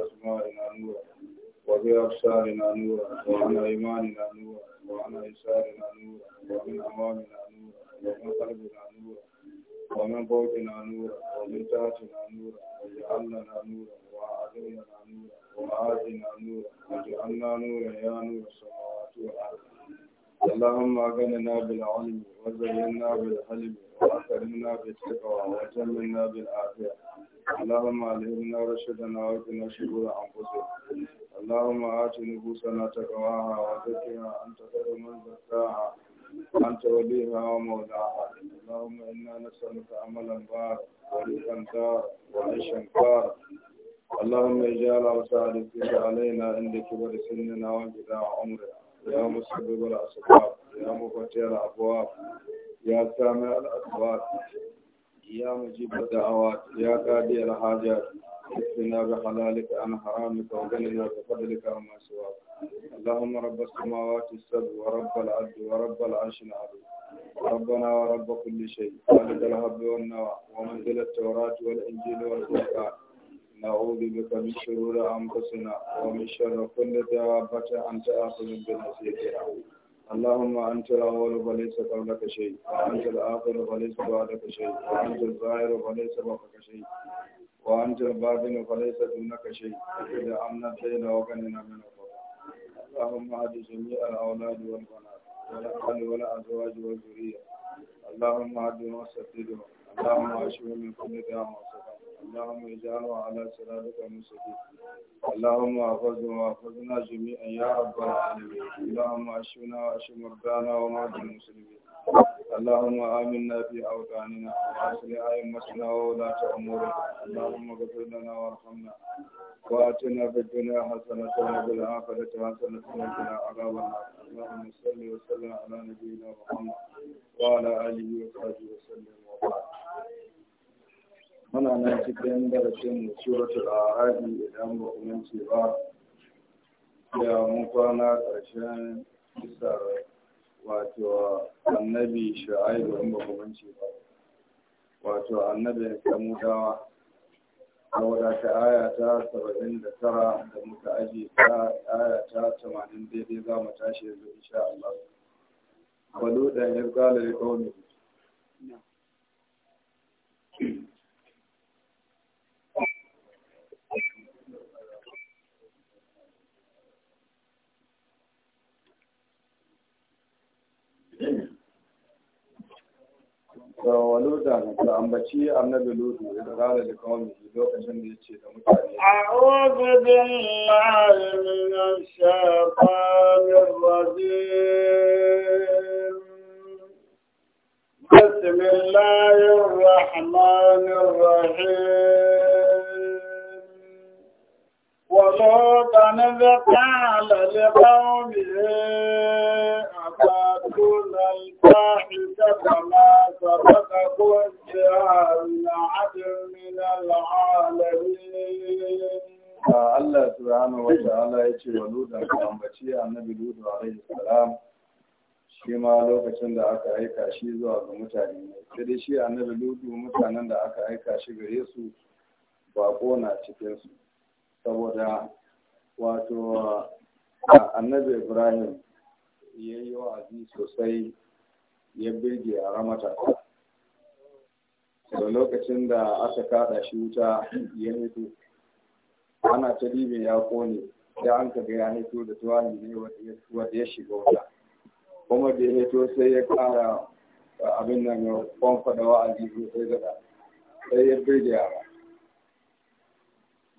بأسمائنا نورا وبأبصارنا نورا وعن أيماننا نورا وعن أيسارنا نورا ومن أمامنا نورا ومن قلبنا نورا ومن فوقنا نورا ومن تحتنا نورا واجعلنا نورا وأعذنا نورا وآتنا نورا واجعلنا نورا يا نور السماوات والأرض اللهم أغننا بالعلم وزينا بالحلم وأكرمنا بالتقوى وجملنا بالعافية اللهم علمنا رشدنا وقنا شرور أنفسنا اللهم آت نفوسنا تقواها وزكها أنت خير من زكاها أنت وليها ومولاها اللهم إنا نسألك عملا بارا ورزقا دارا وعيشا بارا اللهم اجعل أوسادتك علينا عند كبر سننا وانقضاء عمرنا يا مسبب الأسباب يا مفتح الأبواب يا سامع الأسباب يا مجيب الدعوات يا قاضي الحاجات اكفنا بحلالك عن حرامك وغننا بفضلك عما سواك اللهم رب السماوات السبع ورب العبد ورب العرش العظيم ربنا ورب كل شيء خالد الهب والنوى ومنزل التوراة والإنجيل والقرآن نعوذ بك من شرور أنفسنا ومن شر كل دابة أنت آخذ بنصيبها اللهم أنت الأول فليس قبلك شيء وأنت الآخر فليس بعدك شيء وأنت الظاهر فليس فوقك شيء وأنت الباطن فليس دونك شيء إذا أمنا بينا وغنينا من الفقر اللهم أهد جميع الأولاد والبنات والأهل والأزواج والذرية اللهم أهدهم واستفتهم اللهم أشفهم من كل داء اللهم اجعله على صراطك المستقيم اللهم احفظه واحفظنا جميعا يا رب العالمين اللهم اشفنا واشف مرضانا ومرضى المسلمين اللهم آمنا في أوطاننا وأصلح أئمتنا وولاة أمورنا اللهم اغفر لنا وارحمنا وآتنا في الدنيا حسنة وفي الآخرة حسنة وقنا عذاب النار اللهم صل وسلم على نبينا محمد وعلى آله وصحبه وسلم وبارك muna nan cikin darasin suratul a'adi idan ba ku mance ba Ya mun kwana ƙarshen kisar wato annabi sha'aibu in ba ku mance ba wato annabi samudawa saboda ta aya ta saba'in da tara da muka aji ta aya ta tamanin daidai za mu tashi yanzu insha Allah. Balu ɗan ya kawo da walu da ta ambaci annabi lutu ya dara da kawai lokacin da yace da mutane a'udhu billahi minash shaitanir rajim bismillahir rahmanir rahim wa lutu nabata lil qawmi تأتون الفاحشة ما سبقكم بها من عدل Allah wa ta'ala ya ce wa Luda ka ambaci annabi Luda alaihi salam shi ma lokacin da aka aika shi zuwa ga mutane sai dai shi annabi Ludu mutanen da aka aika shi ga Yesu ba kona cikin su saboda wato annabi Ibrahim ya yi wa'azi sosai ya birge a ramata da lokacin da aka kada shi wuta ya hito ana ta dibe ya kone da an kaga ya haito da tuwani ne wanda ya shiga wuta kuma da ya haito sai ya kara abin nan ya kwanfa da wa'azi sosai da sai ya birge yara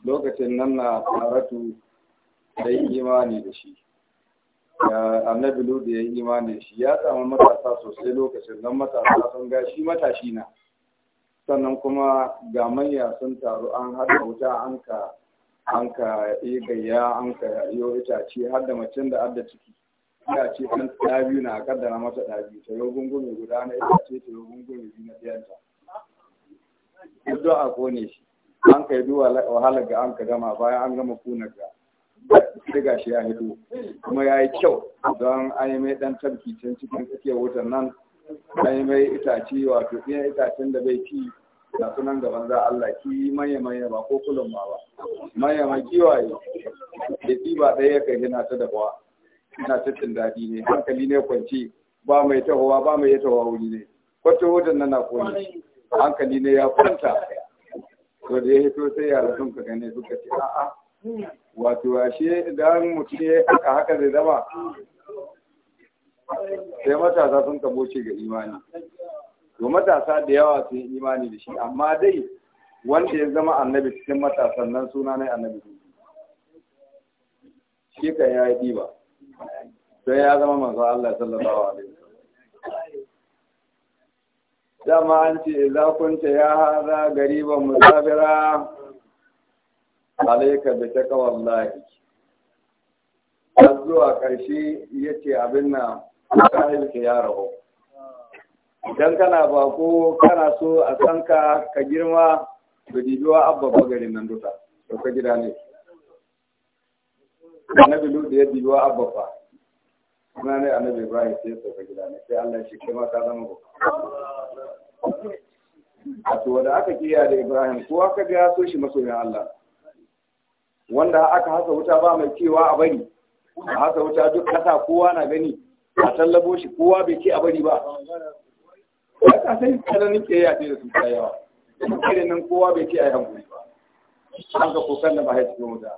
lokacin nan na karatu da imani da shi annabi da ya yi imanin shi ya samu matasa sosai lokacin don matasa sun ga shi matashi na sannan kuma ga manya sun taru an haɗa wuta an ka an ka yi gayya an ka yo itace har da macen da adda ciki ina ce an ɗa biyu na kaddara mata ɗa biyu ta yau gungume guda na itace ta yau gungume biyu na ɗiyanta duk don a kone shi an ka yi duwa wahala ga an ka gama bayan an gama kunar ga riga shi ya hito kuma ya yi kyau don an yi mai ɗan tarki can cikin tsakiyar wutan nan an yi mai itace wato iya itacen da bai ci da sunan gaban za Allah ki manya manya ba ko kulun ma ba manya mai kiwaye da ba ɗaya ya kai yana ta dafawa ina cikin daɗi ne hankali ne kwanci ba mai tahowa ba mai yatawa tahowa wuri ne kwato wutan nan na koyi hankali ne ya kwanta to da ya hito sai yaran sun ka gane suka ce a'a wato ashe idan mutum ya haka haka zai zama sai matasa sun kaboce ga imani to matasa da yawa sun yi imani da shi amma dai wanda ya zama annabi cikin matasan nan suna na annabi shi ka ya yi ɗiba sai ya zama manzo Allah sallallahu alaihi wasallam dama an ce za kunta ya haza gariban musafira alaika bi taqwallahi har zuwa ƙarshe ya ce abin na sahibka ya raho idan kana bako kana so a san ka ka girma da dibiwa abba bagarin nan duka da ka gida ne annabi lutu ya dibiwa abba fa suna ne annabi ibrahim sai ya ka gida ne sai allah shi kai ma ka zama ba a to da aka kiyaye da ibrahim kowa ka ga so shi masoyin allah wanda aka hasa wuta ba mai cewa a bari a hasa wuta duk kasa kowa na gani a tallabo shi kowa bai ce a bari ba ka sai tsananin ke ce da su tsayawa irin nan kowa bai ce a yi hankali ba an ka kokan da ba ya cikin wuta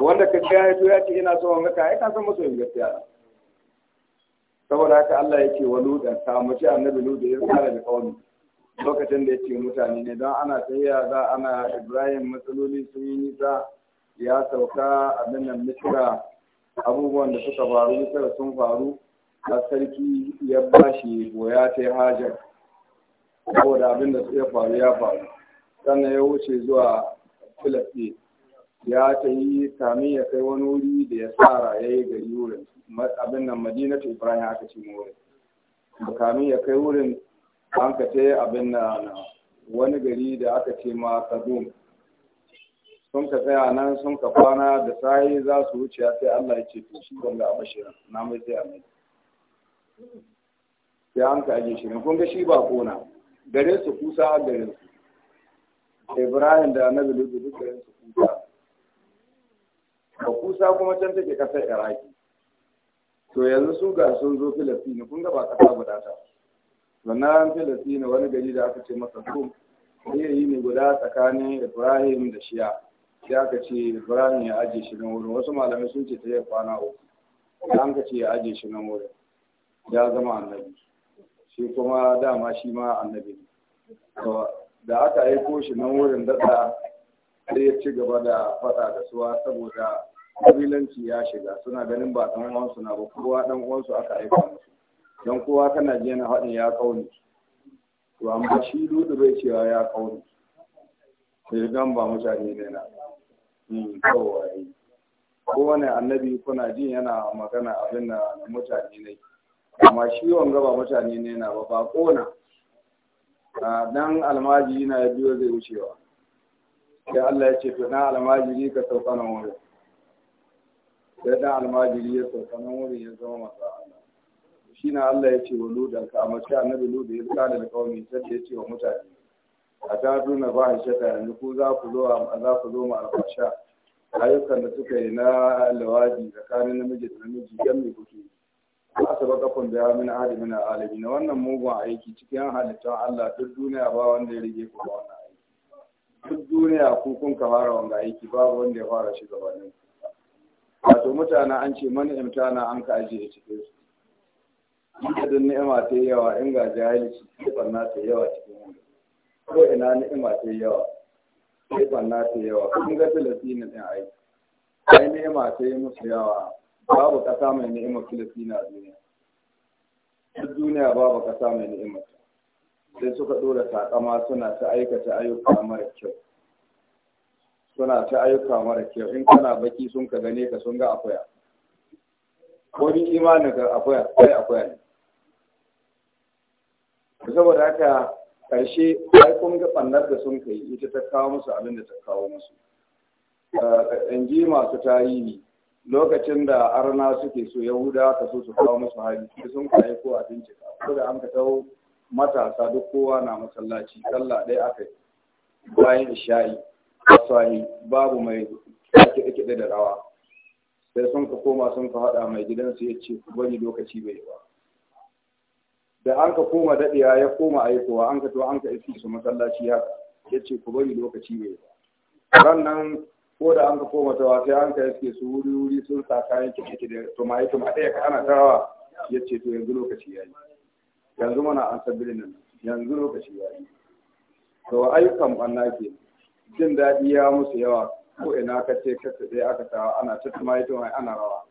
wanda ka ce ya ya ce ina son wanga ka ya kasan yin gaskiya saboda haka Allah ya ce wa ludan samu a nabi ludan ya tsara da kawai lokacin da ya ce mutane ne don ana tafiya za ana ibrahim matsaloli sun yi nisa ya sauka abin nan misira abubuwan da suka faru da sun faru a sarki ya bashi goya ta yi hajar saboda abin da ya faru ya faru sannan ya wuce zuwa filafi ya ta yi kamin ya kai wani wuri da ya tsara ya yi gari wurin abin nan madinatu ibrahim aka ce wurin kamin ya kai wurin an ka ce abin na wani gari da aka ce ma kadum sun ka tsaya nan sun ka kwana da sai za su wuce sai Allah ya ce to shi ban a bashirin, na mai sai amin sai an ka aje shirin kun ga shi ba kona gare su kusa a gare su Ibrahim da Annabi Lutu duk gare su kusa ba kusa kuma can take kasar Iraki to yanzu su ga sun zo filafi ne, kun ga ba kasa guda ta sannan filistina wani gari da aka ce masa rum yi ne guda tsakanin ibrahim da shiya sai aka ce ibrahim ya ajiye shi nan wurin wasu malamai sun ce ta yi kwana uku da an ka ce ya ajiye shi nan wurin ya zama annabi shi kuma dama shi ma annabi da aka aiko shi nan wurin daɗa sai ya ci gaba da faɗa da suwa saboda kabilanci ya shiga suna ganin ba ɗan uwansu na ba kowa ɗan uwansu aka aiko musu don kowa kana ji yana haɗin ya kauli to amma shi dudu bai cewa ya kauli sai gan ba mutane ne na kawai hmm, eh. kowane annabi kuna ji yana magana abin na mutane ne amma shi wanga ba mutane ne na ba ba kona dan almaji na ya biyo zai wucewa sai Allah ya ce to dan ne ka sauka nan wurin sai dan almaji ya sauka nan wurin ya zama masa shine Allah ya ce wa ludan ka amma sai annabi ludan ya tsara da kawai sai ya ce wa mutane a ta duna ba shi ta yanzu ko za ku zo a za ku zo mu alfasha ayyukan da suka yi na lawadi tsakanin namiji da namiji yan mai kuke ba su baka kun da hadi mina min na wannan mugun aiki cikin halittun Allah duk duniya ba wanda ya rige ku ba wannan aiki duk duniya ku kun ka fara wanga aiki babu wanda ya fara shi gabanin wato mutane an ce mani imtana an ka ajiye cikin su da ni'ima ta yi yawa in ga jahilci sai barna ta yawa cikin wanda ko ina ni'ima ta yawa sai barna ta yawa kun ga filistini ɗin ai ai ni'ima ta yi musu yawa babu ƙasa mai ni'ima filistini a duniya duk duniya babu ƙasa mai ni'ima sai suka ɗora takama suna ta aikata ayyuka mara kyau suna ta ayyuka mara kyau in kana baki sun ka gane ka sun ga akwai ni imanin ka akwai akwai akwai saboda haka karshe ai kun ga bannar da sun kai ita ta kawo musu abin da ta kawo musu in ji masu tarihi lokacin da arna suke so yahuda ka so su kawo musu hali sun kai ko a bincika ko da an ka matasa duk kowa na masallaci sallah ɗaya aka yi bayan isha'i asali babu mai kiɗe-kiɗe da rawa sai sun ka koma sun ka haɗa mai gidansu ya ce ku bari lokaci bai yi ba da an ka koma daɗewa ya koma aikowa an ka to an ka iske su masallaci haka ya ce ku bari lokaci ne ba ran nan ko da an ka koma tawa sai an ka iske su wuri wuri sun sa kayan kiɗe kiɗe to ma yato ma ɗaya ka ana tarawa ya ce to yanzu lokaci ya yi yanzu mana an sabbin nan yanzu lokaci ya yi to ayyukan ɓanna ke jin daɗi ya musu yawa ko ina ka ce kasa ɗaya aka tawa ana ta tuma ma ana rawa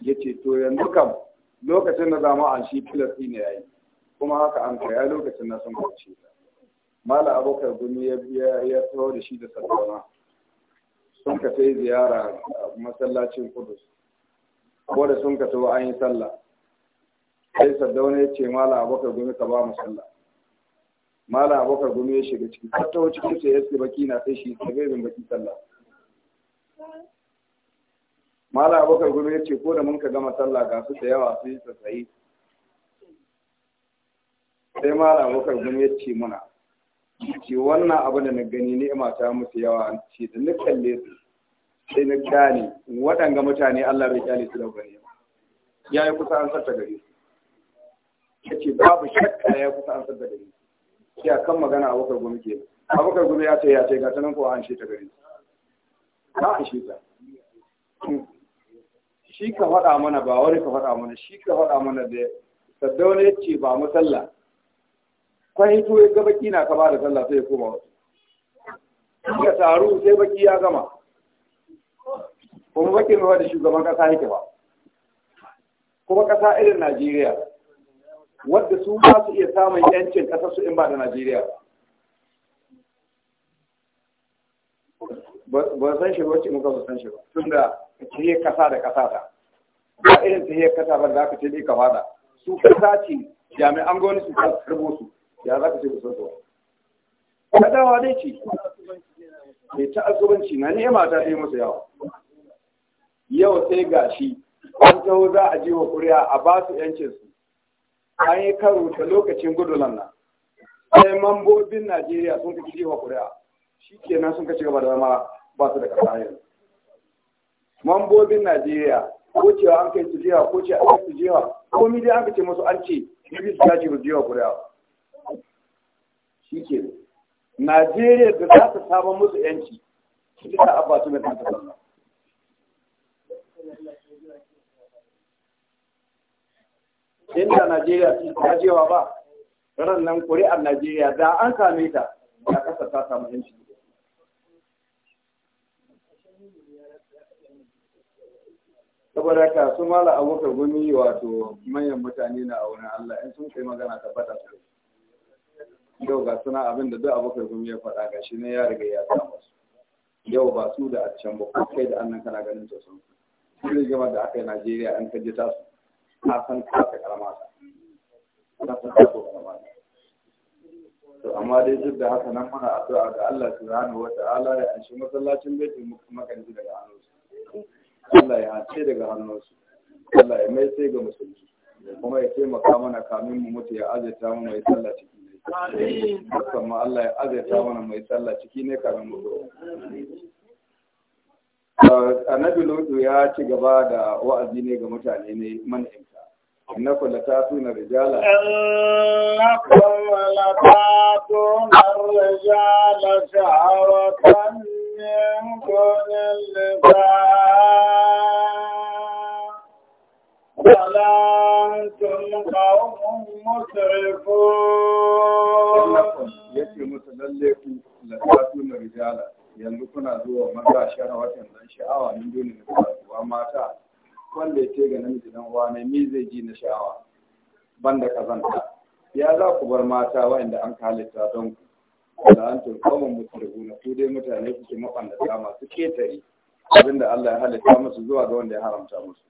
ya ce to yanzu kam lokacin da zama an shi filas ne ya yi kuma haka an kai lokacin na sun kwace ta mala abokar gumi ya biya ya taho da shi da sallama sun ka sai ziyara masallacin kudus ko da sun ka tawo an yi sallah sai saddauna ya ce mala abokar gumi ka ba mu sallah mala abokar gumi ya shiga ciki ta taho cikin sai yaske baki na sai shi sai zai baki sallah mala abokar gumi ya ce ko da mun ka gama sallah ga su da yawa sai yi tsaye sai mala bakar gumi ya ce mana. ce wannan abu da na gani ne mata musu yawa ce da na kalle su sai na gane waɗanga mutane Allah bai kyale su da gani ya yi kusa an sarta gari ya ce babu shakka ya kusa an sarta gari sai a kan magana abokar gumi ke abokar gumi ya ce ya ce gata nan ko an shi ta gari Na an shi ta hmm. shi ka faɗa mana ba wani ka faɗa mana shi ka faɗa mana da sadda wani ya ce ba musalla kwan hito ya ga baki na kama da sallah sai ya koma wasu ya taru sai baki ya gama kuma baki ruwa da shugaban kasa yake ba kuma kasa irin najeriya wadda su ba su iya samun yancin kasar su in ba da najeriya ba san shi wacce muka ba san shi ba tun da tahiyar kasa da kasa ta ba irin yi kasa ba da aka ce ne ka fada su kasa ce jami'an gwamnati su karbo su ya za ka ce kusan zuwa dawa dai ce mai ta'azzubanci na nema ta yi masa yawa yau sai ga shi an taho za a je wa kuriya a ba su yancinsu an yi karo da lokacin gudulan nan sai mambobin najeriya sun kaci jewa kuriya shi kenan sun kaci gaba da zama ba su da kasa yanzu mambobin najeriya ko cewa an kai su jewa ko ce an kai su jewa ko dai an kace musu an ce bibi su kaci ba jewa ba. shi ke najeriya da za ta samu musu yanci shi ta su mai ta inda najeriya su ta jewa ba ran nan kuri'ar najeriya da an kame ta da kasa ta samu yanci saboda ka su mala abokan gumi wato manyan mutane na a wurin allah in sun kai magana tabbata su yau ga suna abin da duk abokai gumi ya faɗa ga shi ne ya riga ya samu su yau ba su da a can ba kai da annan kana ganin to sun su jama'a da aka yi najeriya an kaji ta su a san kasa karama ta san kasa karama ta to amma dai duk da haka nan muna addu'a ga Allah subhanahu wa ta'ala ya shi masallacin baitul makanci daga hannunsu Allah ya hace daga hannunsu Allah ya mai sai ga musulmi kuma ya taimaka mana kamin mu mutu ya azurta mu mai sallah ciki musamman Allah ya azaita mana mai sallah ciki ne karin mutu uh, annabi lutu ya ci gaba da wa'azi ne ga mutane ne mana inka innakum la tatuna rijala innakum la tatuna rijala sha'awatan min dunil قوم مسرفون يتي متللكو لتاتون رجالا yanzu kuna zuwa maza sharawatan dan sha'awa min dole ne kuwa mata wanda ya ce ga namiji dan uwa ne zai ji na sha'awa banda kazanta ya za ku bar mata wa'anda an halitta don ku da an tun kawon mutu na ku dai mutane kuke mabanda masu ketare abinda Allah ya halitta musu zuwa ga wanda ya haramta musu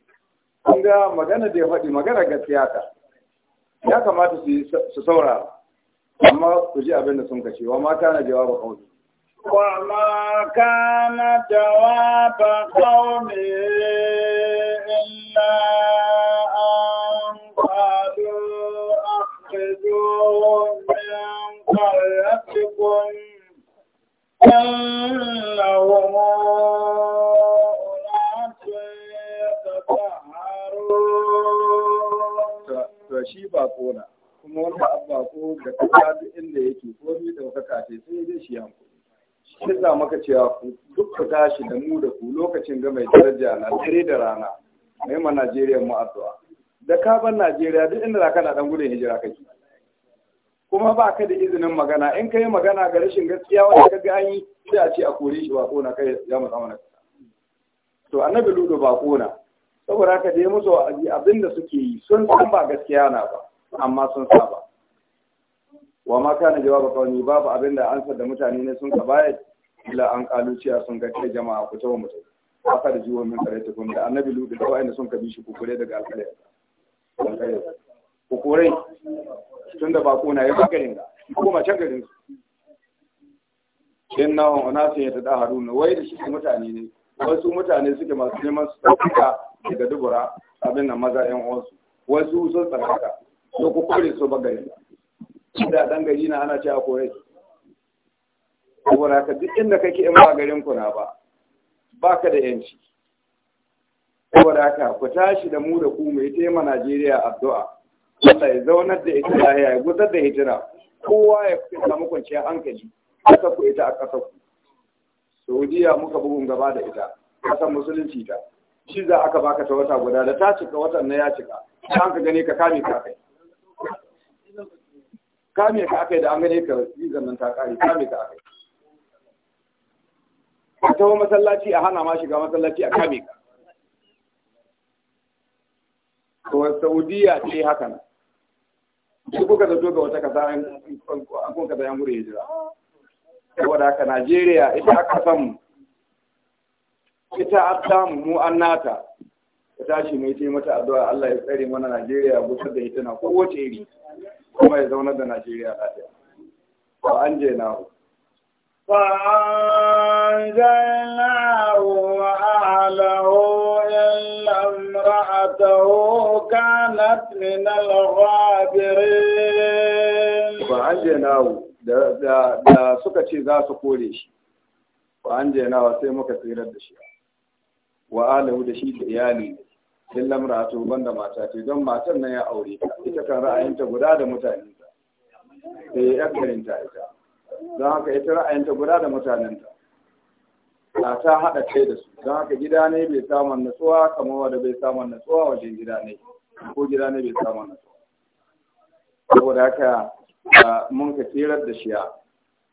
kun ga magana da ya faɗi magana gaskiya ta ya kamata su saurara amma ku ji abin da sun kace wa mata na jawaba kawai وما كان جواب قومه إلا أن قالوا أخرجوهم من قريتكم إنهم shi ba kona kuma wanda an ko da kasa inda yake ko ni da kaka ce sai zai shi hankali shi za maka cewa duk ku tashi da mu da ku lokacin ga mai daraja na dare da rana mai ma Najeriya mu addu'a da ka bar Najeriya duk inda zaka na dan gudun hijira kake kuma ba ka da izinin magana in ka yi magana ga rashin gaskiya wanda ka ga an yi sai a ce a kore shi ba kona kai ya mu zama to annabi ludo ba kona saboda haka dai musu wa'azi abin da suke yi sun san ba gaskiya na ba amma sun saba wa ma kana jawaba kawai babu abin da ansa da mutane ne sun ka baya illa an kalu cewa sun ga kai jama'a ku tawo mutum Haka da jiwon min kare kun da annabi lubi da wa'anda sun ka bi shi ku kure daga alƙalai ku kure tun da bako na yi bakarin da ko can garin su inna da unasun haruna, wai da shi mutane ne wasu mutane suke masu neman su tsaka daga dubura abin nan maza yan wasu wasu sun tsarkaka so ku kore su ba gari da dan gari na ana cewa kore su saboda ka duk inda kake in ba garin ku na ba ka da yanci saboda ka ku tashi da mu da ku mai tema Najeriya addu'a Allah ya zaunar da ita ya ya gudar da hijira kowa ya samu kwanciyar hankali aka ku ita a ƙasar ku Saudiya muka bugun gaba da ita ƙasar musulunci ta shi za aka baka ta wata guda da ta cika watan na ya cika an ka gane ka kame ka kai kame ka kai da an gane ka yi zannan ta kare kame ka kai ka tawo masallaci a hana ma shiga masallaci a kame ka to saudiya ce haka nan kuka zato ga wata kasa an kuka ka da yan gure hijira saboda haka najeriya ita aka samu. ita abdamu mu Annata, nata ta tashi mai ce mata addu'a Allah ya tsare mana Najeriya gusar da ita na kowace iri kuma ya zauna da Najeriya lafiya wa an je na fa anzalnahu wa ahlahu illa imra'atahu kanat min al-ghabirin fa an je na da suka ce za su kore shi fa an je na sai muka tsirar da shi wa alahu da shi da iyali din lamratu banda mata ce don matan nan ya aure ta ita kan ra'ayinta guda da mutanen ta eh yakarin ta ita don haka ita ra'ayinta guda da mutanen ta na ta haɗa kai da su don haka gida ne bai samun natsuwa kamar wanda bai samun natsuwa wajen gida ne ko gida ne bai samun natsuwa saboda haka mun ka tirar da shiya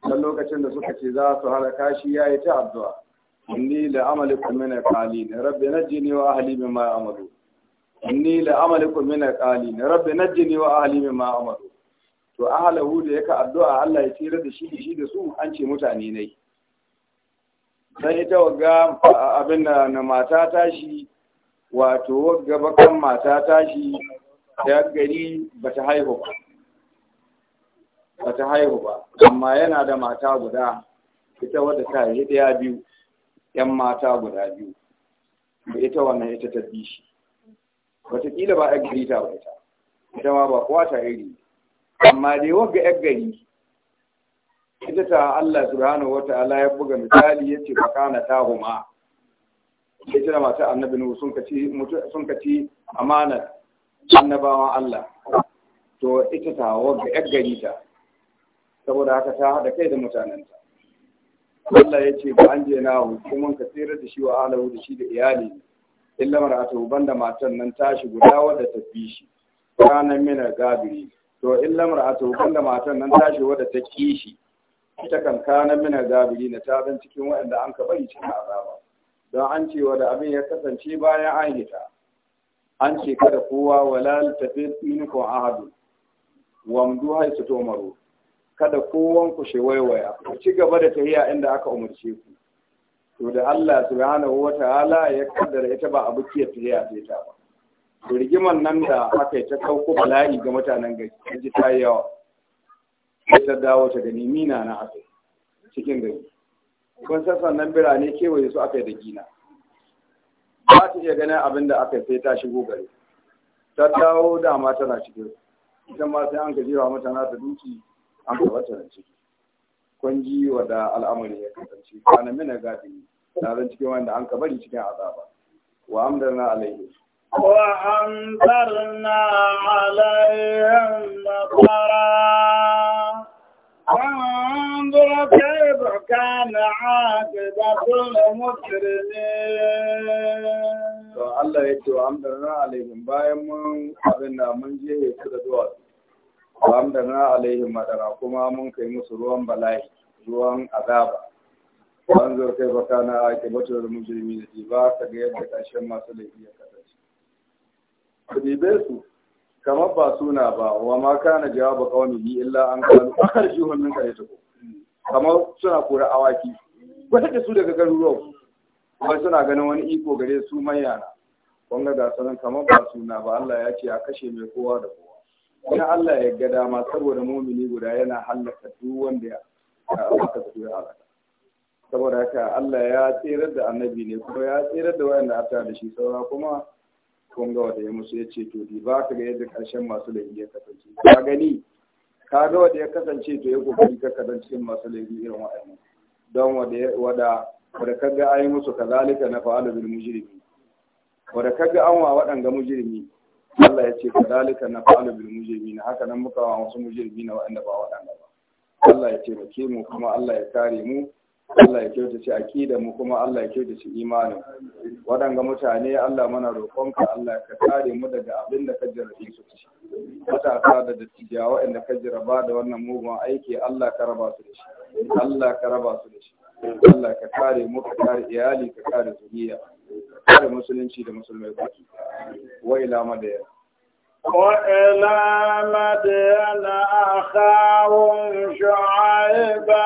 don lokacin da suka ce za su haɗa kashi ya yi ta addu'a inni la'amalikum min qalin rabbi najini wa ahli mimma ya'malu inni la'amalikum min qalin rabbi najini wa ahli mimma ya'malu to ahlahu da yake addu'a Allah ya tsira da shi shi da su an ce mutane ne Sai ita wagga abin da na mata tashi wato wagga bakan mata shi, da gari bata haihu ba bata haihu ba amma yana da mata guda ita wadda ta yi daya biyu 'yan mata guda biyu da ita wannan ita ta bi shi wataƙila ba a gari ta ba ita ma ba kowa ta iri amma dai wagga 'yan gari ita ta Allah wata wata'ala ya buga misali ya ce bakana ta huma ita da masu annabi nuhu sun kaci amanar annabawan Allah to ita ta wagga 'yan gari ta saboda haka ta haɗa kai da mutanenta Allah ya ce ba an je na hukuman ka tsere da shi wa alahu da shi da iyali illa mar'atu banda matan nan tashi guda wadda ta fi shi ranar mina gabiri to illa mar'atu banda matan nan tashi wadda ta ki shi ita kan kana mina gabiri na ta cikin waɗanda an ka bari cikin azaba don an ce wa da abin ya kasance bayan an hita an ce kada kowa walal tafi minkum ahadu wamdu haisu tomaru kada kowan ku shi waiwaya ku ci gaba da tahiya inda aka umarce ku to da Allah subhanahu wataala ya kaddara ita ba abu ke tahiya ce ta ba to rigiman nan da aka yi ta sauko bala'i ga mutanen gari ta ji ta yawa sai ta dawo ta gani mina na aka cikin gari kun san nan birane kewaye su aka yi da gina ba ta iya ganin abin da aka sai ta shigo gari ta dawo dama tana cikin ita ma sai an gajewa mata na ta duki an gabata da ciki kwanji wada al'amari ya kasance kana mina gadi na zan cikin wanda an ka bari cikin azaba wa amdarna alaihi wa amdarna alaihim maqara وانظر كيف كان عاقبة المجرمين. الله يجوا bayan عليهم بايم من أبنا من جهة كذا دوات. bam da na alaihim madara kuma mun kai musu ruwan bala'i ruwan azaba an zo kai baka na aiki bata da batar mujrimi da ba ka ga yadda ƙarshen masu laifi ya kasance kudibe su kamar ba suna ba wa ma ka na kana jawaba qaumihi illa an qalu akharjuhum min qaryatikum kamar suna kora awaki wata da su daga garuruwan kuma suna ganin wani iko gare su manya na wanga ga sanan kamar ba suna ba Allah ya ce a kashe mai kowa da kowa idan Allah ya ga dama saboda mumini guda yana hallaka duk wanda ya aka su yi halaka saboda haka Allah ya tsirar da annabi ne kuma ya tsirar da wayanda aka da shi saura kuma kun ga wanda ya musu ya ce to di ba ka ga yadda karshen masu laifi ya kasance ka gani ka ga wanda ya kasance to ya kokari ka cikin masu laifi irin wa'annan don wanda wada wanda kaga ayi musu kazalika na fa'alu bil mujrimi wanda kaga an wa waɗanga mujrimi Allah ya ce kadalika na fa'alu bil mujrimin haka nan muka wa wasu mujrimin waɗanda ba waɗanda ba Allah ya ce taimake mu kuma Allah ya kare mu Allah ya kyauta kyautace aqida mu kuma Allah ya kyauta kyautace imanin waɗanga mutane Allah mana roƙonka Allah ka kare mu daga abin da ka jarrabe su ci matasa da dattijawa waɗanda ka jarraba da wannan mugun aiki Allah ka raba su da shi Allah ka raba su da shi Allah ka kare mu ka kare iyali ka kare zuriya da musulunci da musulmai baki wa ila madaya wa ila madiyana akhawun shu'aiba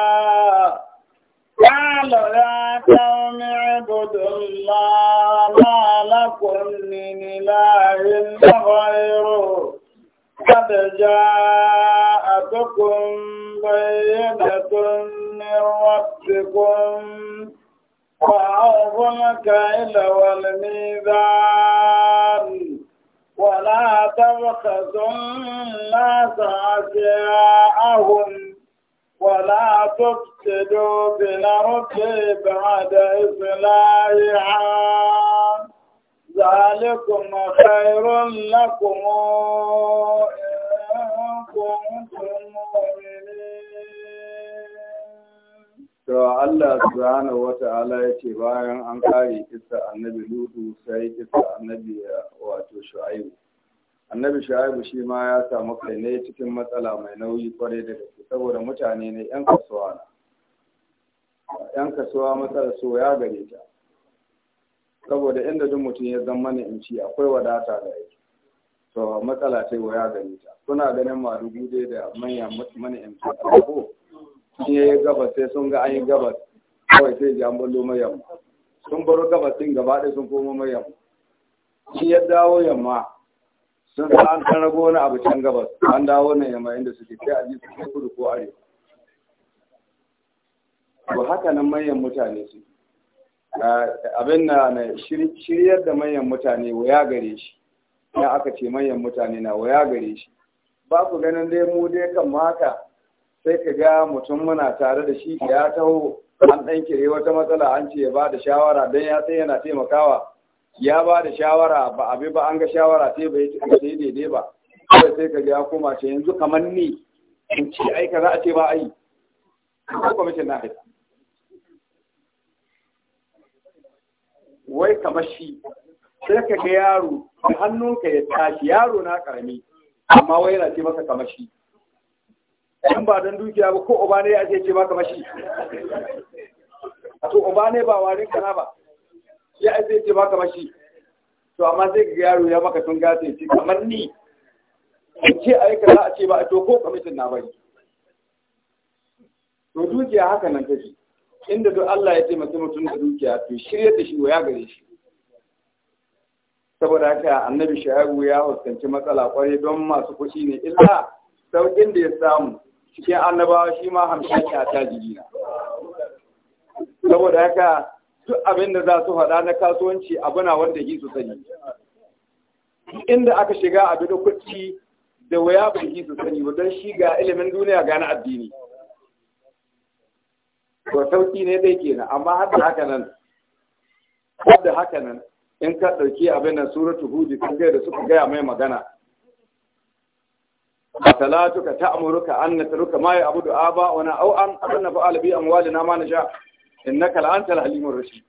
qala ya qaumi ibudullah ma lakum min ilahin ghayru qad ja'atukum bayyinatun min rabbikum وأوفوا الكيل والميزان ولا تبخسوا الناس أشياءهم ولا تفسدوا في الأرض بعد إصلاحها ذلكم خير لكم إن كنتم to Allah subhanahu wata'ala ya ce bayan an kare kissa annabi lutu sai kissa annabi wato shu'aibu annabi shu'aibu shi ma ya samu kai ne cikin matsala mai nauyi kwarai da gaske saboda mutane ne yan kasuwa na yan kasuwa matsala so ya gare ta saboda inda duk mutum ya zama ne in ci akwai wadata da yake to matsala ce ya gare ta kuna ganin madugu dai da manyan mutane in ci ko in ya yi gabas sai sun ga an yi gabas kawai sai ji an ballo mai yamma sun baro gabas din gaba ɗaya sun koma mai yamma in ya dawo yamma sun sa an kan rago wani abu can gabas an dawo nan yamma inda suke sai a ji su kudu ko arewa to haka nan manyan mutane su abin na shiryar da manyan mutane waya gare shi na aka ce manyan mutane na waya gare shi ba ku ganin dai mu dai kan mata. sai ka ga mutum muna tare da shi ya taho an ɗan kire wata matsala an ce ya ba da shawara don ya sai yana taimakawa ya ba da shawara ba abi ba an ga shawara sai bai yi daidai ba sai sai ka ga kuma ce yanzu kamar ni in ce ai za a ce ba ai ko kwamishin na haita wai kamar shi sai ka ga yaro da hannunka ya tashi yaro na karami amma wai yana ce maka kamar shi in ba don dukiya ba ko uba ne ya ce baka mashi to uba ne ba warin kana ba ya ce ce baka mashi to amma sai ga yaro ya maka tun gasa ce kamar ni ce a yi kaza a ce ba a to ko kamishin na bari to dukiya haka nan ta ce inda duk Allah ya taimaki mutum da dukiya to shirya da shi ya gare shi saboda haka annabi shayagu ya fuskanci matsala kwarai don masu kushi ne illa saukin da ya samu cikin annabawa shi ma hamsin ya a tajiri na saboda haka duk abin da za su faɗa na kasuwanci abuna na wanda yi su sani inda aka shiga a da da waya bai yi su sani ba don shi ga ilimin duniya ga na addini to sauki ne dai kenan amma har da haka nan har haka nan in ka ɗauki abin nan suratu sun kan da suka gaya mai magana صلاتك تأمرك أن نترك ما يعبد آباؤنا أو أن أن نفعل بأموالنا ما نشاء إنك لأنت الحليم الرشيد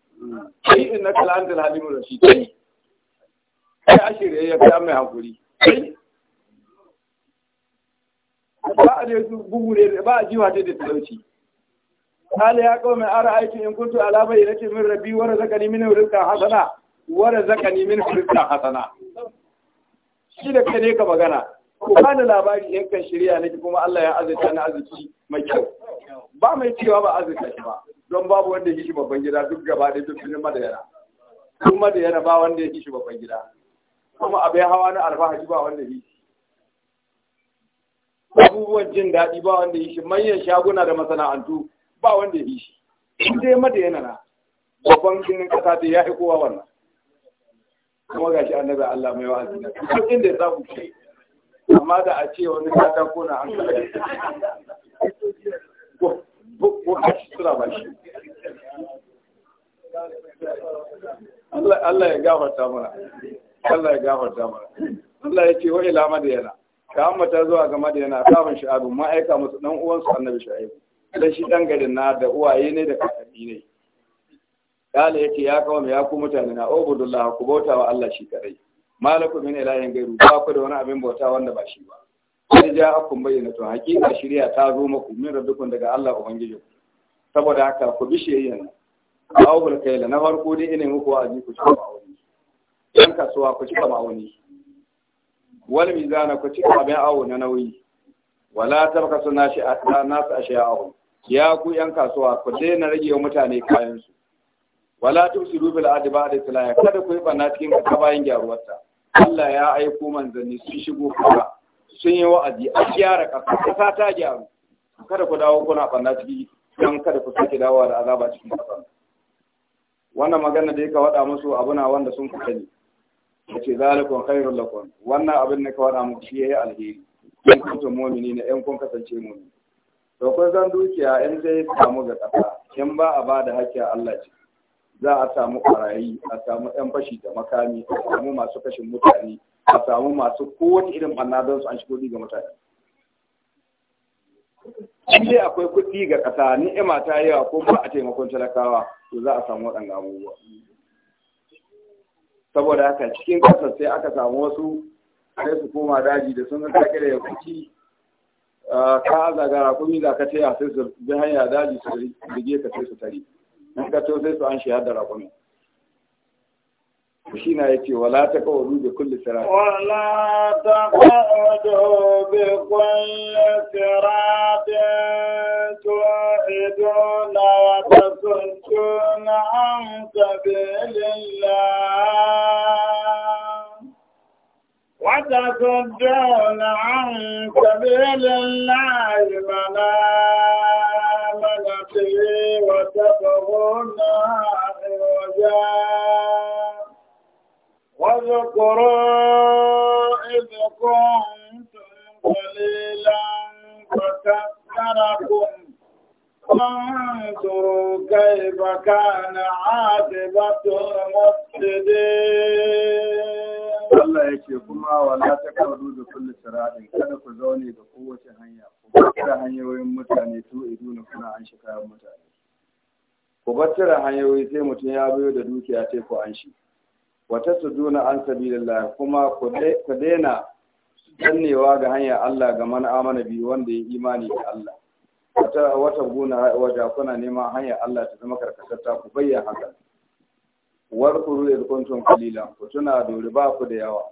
أي إنك لأنت الحليم الرشيد أي أشير أي في أمي هنقولي ba a da bugure ba a قال يا قوم أرأيتم إن كنت على بينة من ربي ورزقني منه رزقا حسنا ورزقني منه رزقا حسنا shi لك kai ne Kuma labari in kan shirya nake kuma Allah ya azurta na azurci mai kyau ba mai cewa ba azurta shi ba don babu wanda ya shi babban gida duk gaba da duk filin madayana duk madayana ba wanda ya shi babban gida kuma abin hawa na alfahari ba wanda ya abubuwan jin daɗi ba wanda ya shi manyan shaguna da masana'antu ba wanda ya shi in dai madayana na babban ginin kasa da ya fi kowa wannan kuma gashi annabi Allah mai wa'azi na duk inda ya samu shi amma da a ce wani katako na hankali ko a shi suna ba shi Allah ya gafarta mana Allah ya gafarta mana Allah ya ce wa ila madiyana ka ta zuwa ga madiyana kafin sha'abu ma'aika musu dan uwansu annabi sha'ibu da shi dan garin na da uwaye ne da kakanni ne kala yake ya kawo ya ku mutane na ubudullah ku bauta wa Allah shi kadai malaku min ilahin gairu ba ku da wani abin bauta wanda ba shi ba sai ja aku bayyana to hakika shari'a ta zo muku min rabbikum daga Allah ubangiji saboda haka ku bi shari'a awul kaila na farko dai ina muku wa'azi ku ba ma'auni yan kasuwa ku cika ma'auni wal mizana ku cika bai awo na nauyi wala tabkasu nashi nasu ashya'ahu ya ku yan kasuwa ku daina rage wa mutane kayan su wala tusiru bil adba da tilaya kada ku yi banna cikin ta bayan gyaruwarta Allah ya aiko manzanni sun shigo kuma sun yi wa'azi a gyara ƙasa ƙasa ta gyaru kada ku dawo kuna ɓanna ciki don kada ku sake dawowa da azaba cikin ƙasa wannan magana da yake waɗa musu abu na wanda sun kuka ne ya ce zalikun khairul lakum wannan abin ne ka waɗa muku shi yayi alheri in mu'mini ne in kun kasance mu'mini to kun san dukiya in sai samu ga ƙasa in ba a ba da hakki Allah ciki za a samu ƙwarayi a samu yan fashi da makami a samu masu kashin mutane a samu masu kowane irin ɓanna don su an shigo ga mutane in akwai kuɗi ga ƙasa ni'ima ta yawa ko ba a taimakon talakawa to za a samu waɗanda abubuwa saboda haka cikin ƙasar sai aka samu wasu sai su koma daji da sun ga kira ya kuci ka zagara kuma ah, za ka taya sai su bi hanya daji su rige ka sai su tare in ka sai su an shahada raƙumin shi na yake wala ta kawo bi kulle sirat wala ta kawo bi kulli sirat tu'iduna wa tasudduna an sabilillah wa tasudduna an mana na-eji a wa ụ aha ji ozọkụrụịzụkọtụm kpaleela akanapụm aha m tụrụkaakana aha detụa tde Allah ya ce kuma wala ta kawo da kulli siratin kada ku zaune da kowace hanya ku battara hanyoyin mutane to na kuna an shi kayan mutane ku battara hanyoyi sai mutum ya biyo da dukiya sai ku an shi wata su duna an sabilillah kuma ku daina dannewa ga hanya Allah ga man amana bi wanda ya imani da Allah wata wata guna waje kuna neman hanya Allah ta zama karkatar ta ku bayyana haka war kuru ya kalila ku tuna dori ba ku da yawa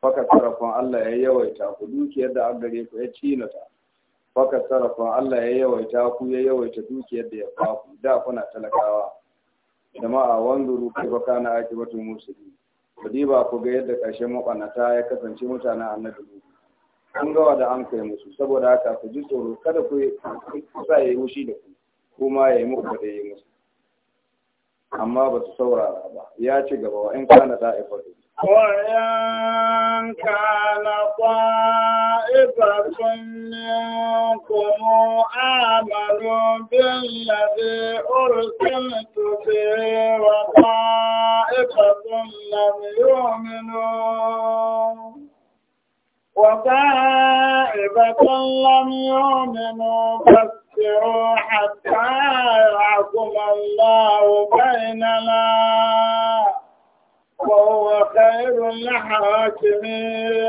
faka sarrafan Allah ya yawaita ku dukiyar da agare ku ya cinata faka sarrafan Allah ya yawaita ku ya yawaita dukiyar da ya faku da kuna talakawa jama'a wanzuru ba kana akibatul musulmi ku diba ku ga yadda karshen mabanata ya kasance mutanen annabi an gawa da an kai musu saboda haka ku ji tsoro kada ku sa ya yi mushi da ku kuma ya yi muku da ya yi musu أما ba su saurara يا تجبا وإن كان wa وإن كان طائفة منكم آمنوا بالذي أرسلت به وطائفة لم يؤمنوا وطائفة لم يؤمنوا فاستروا حتى يعظم الله بيننا وهو خير الحاكمين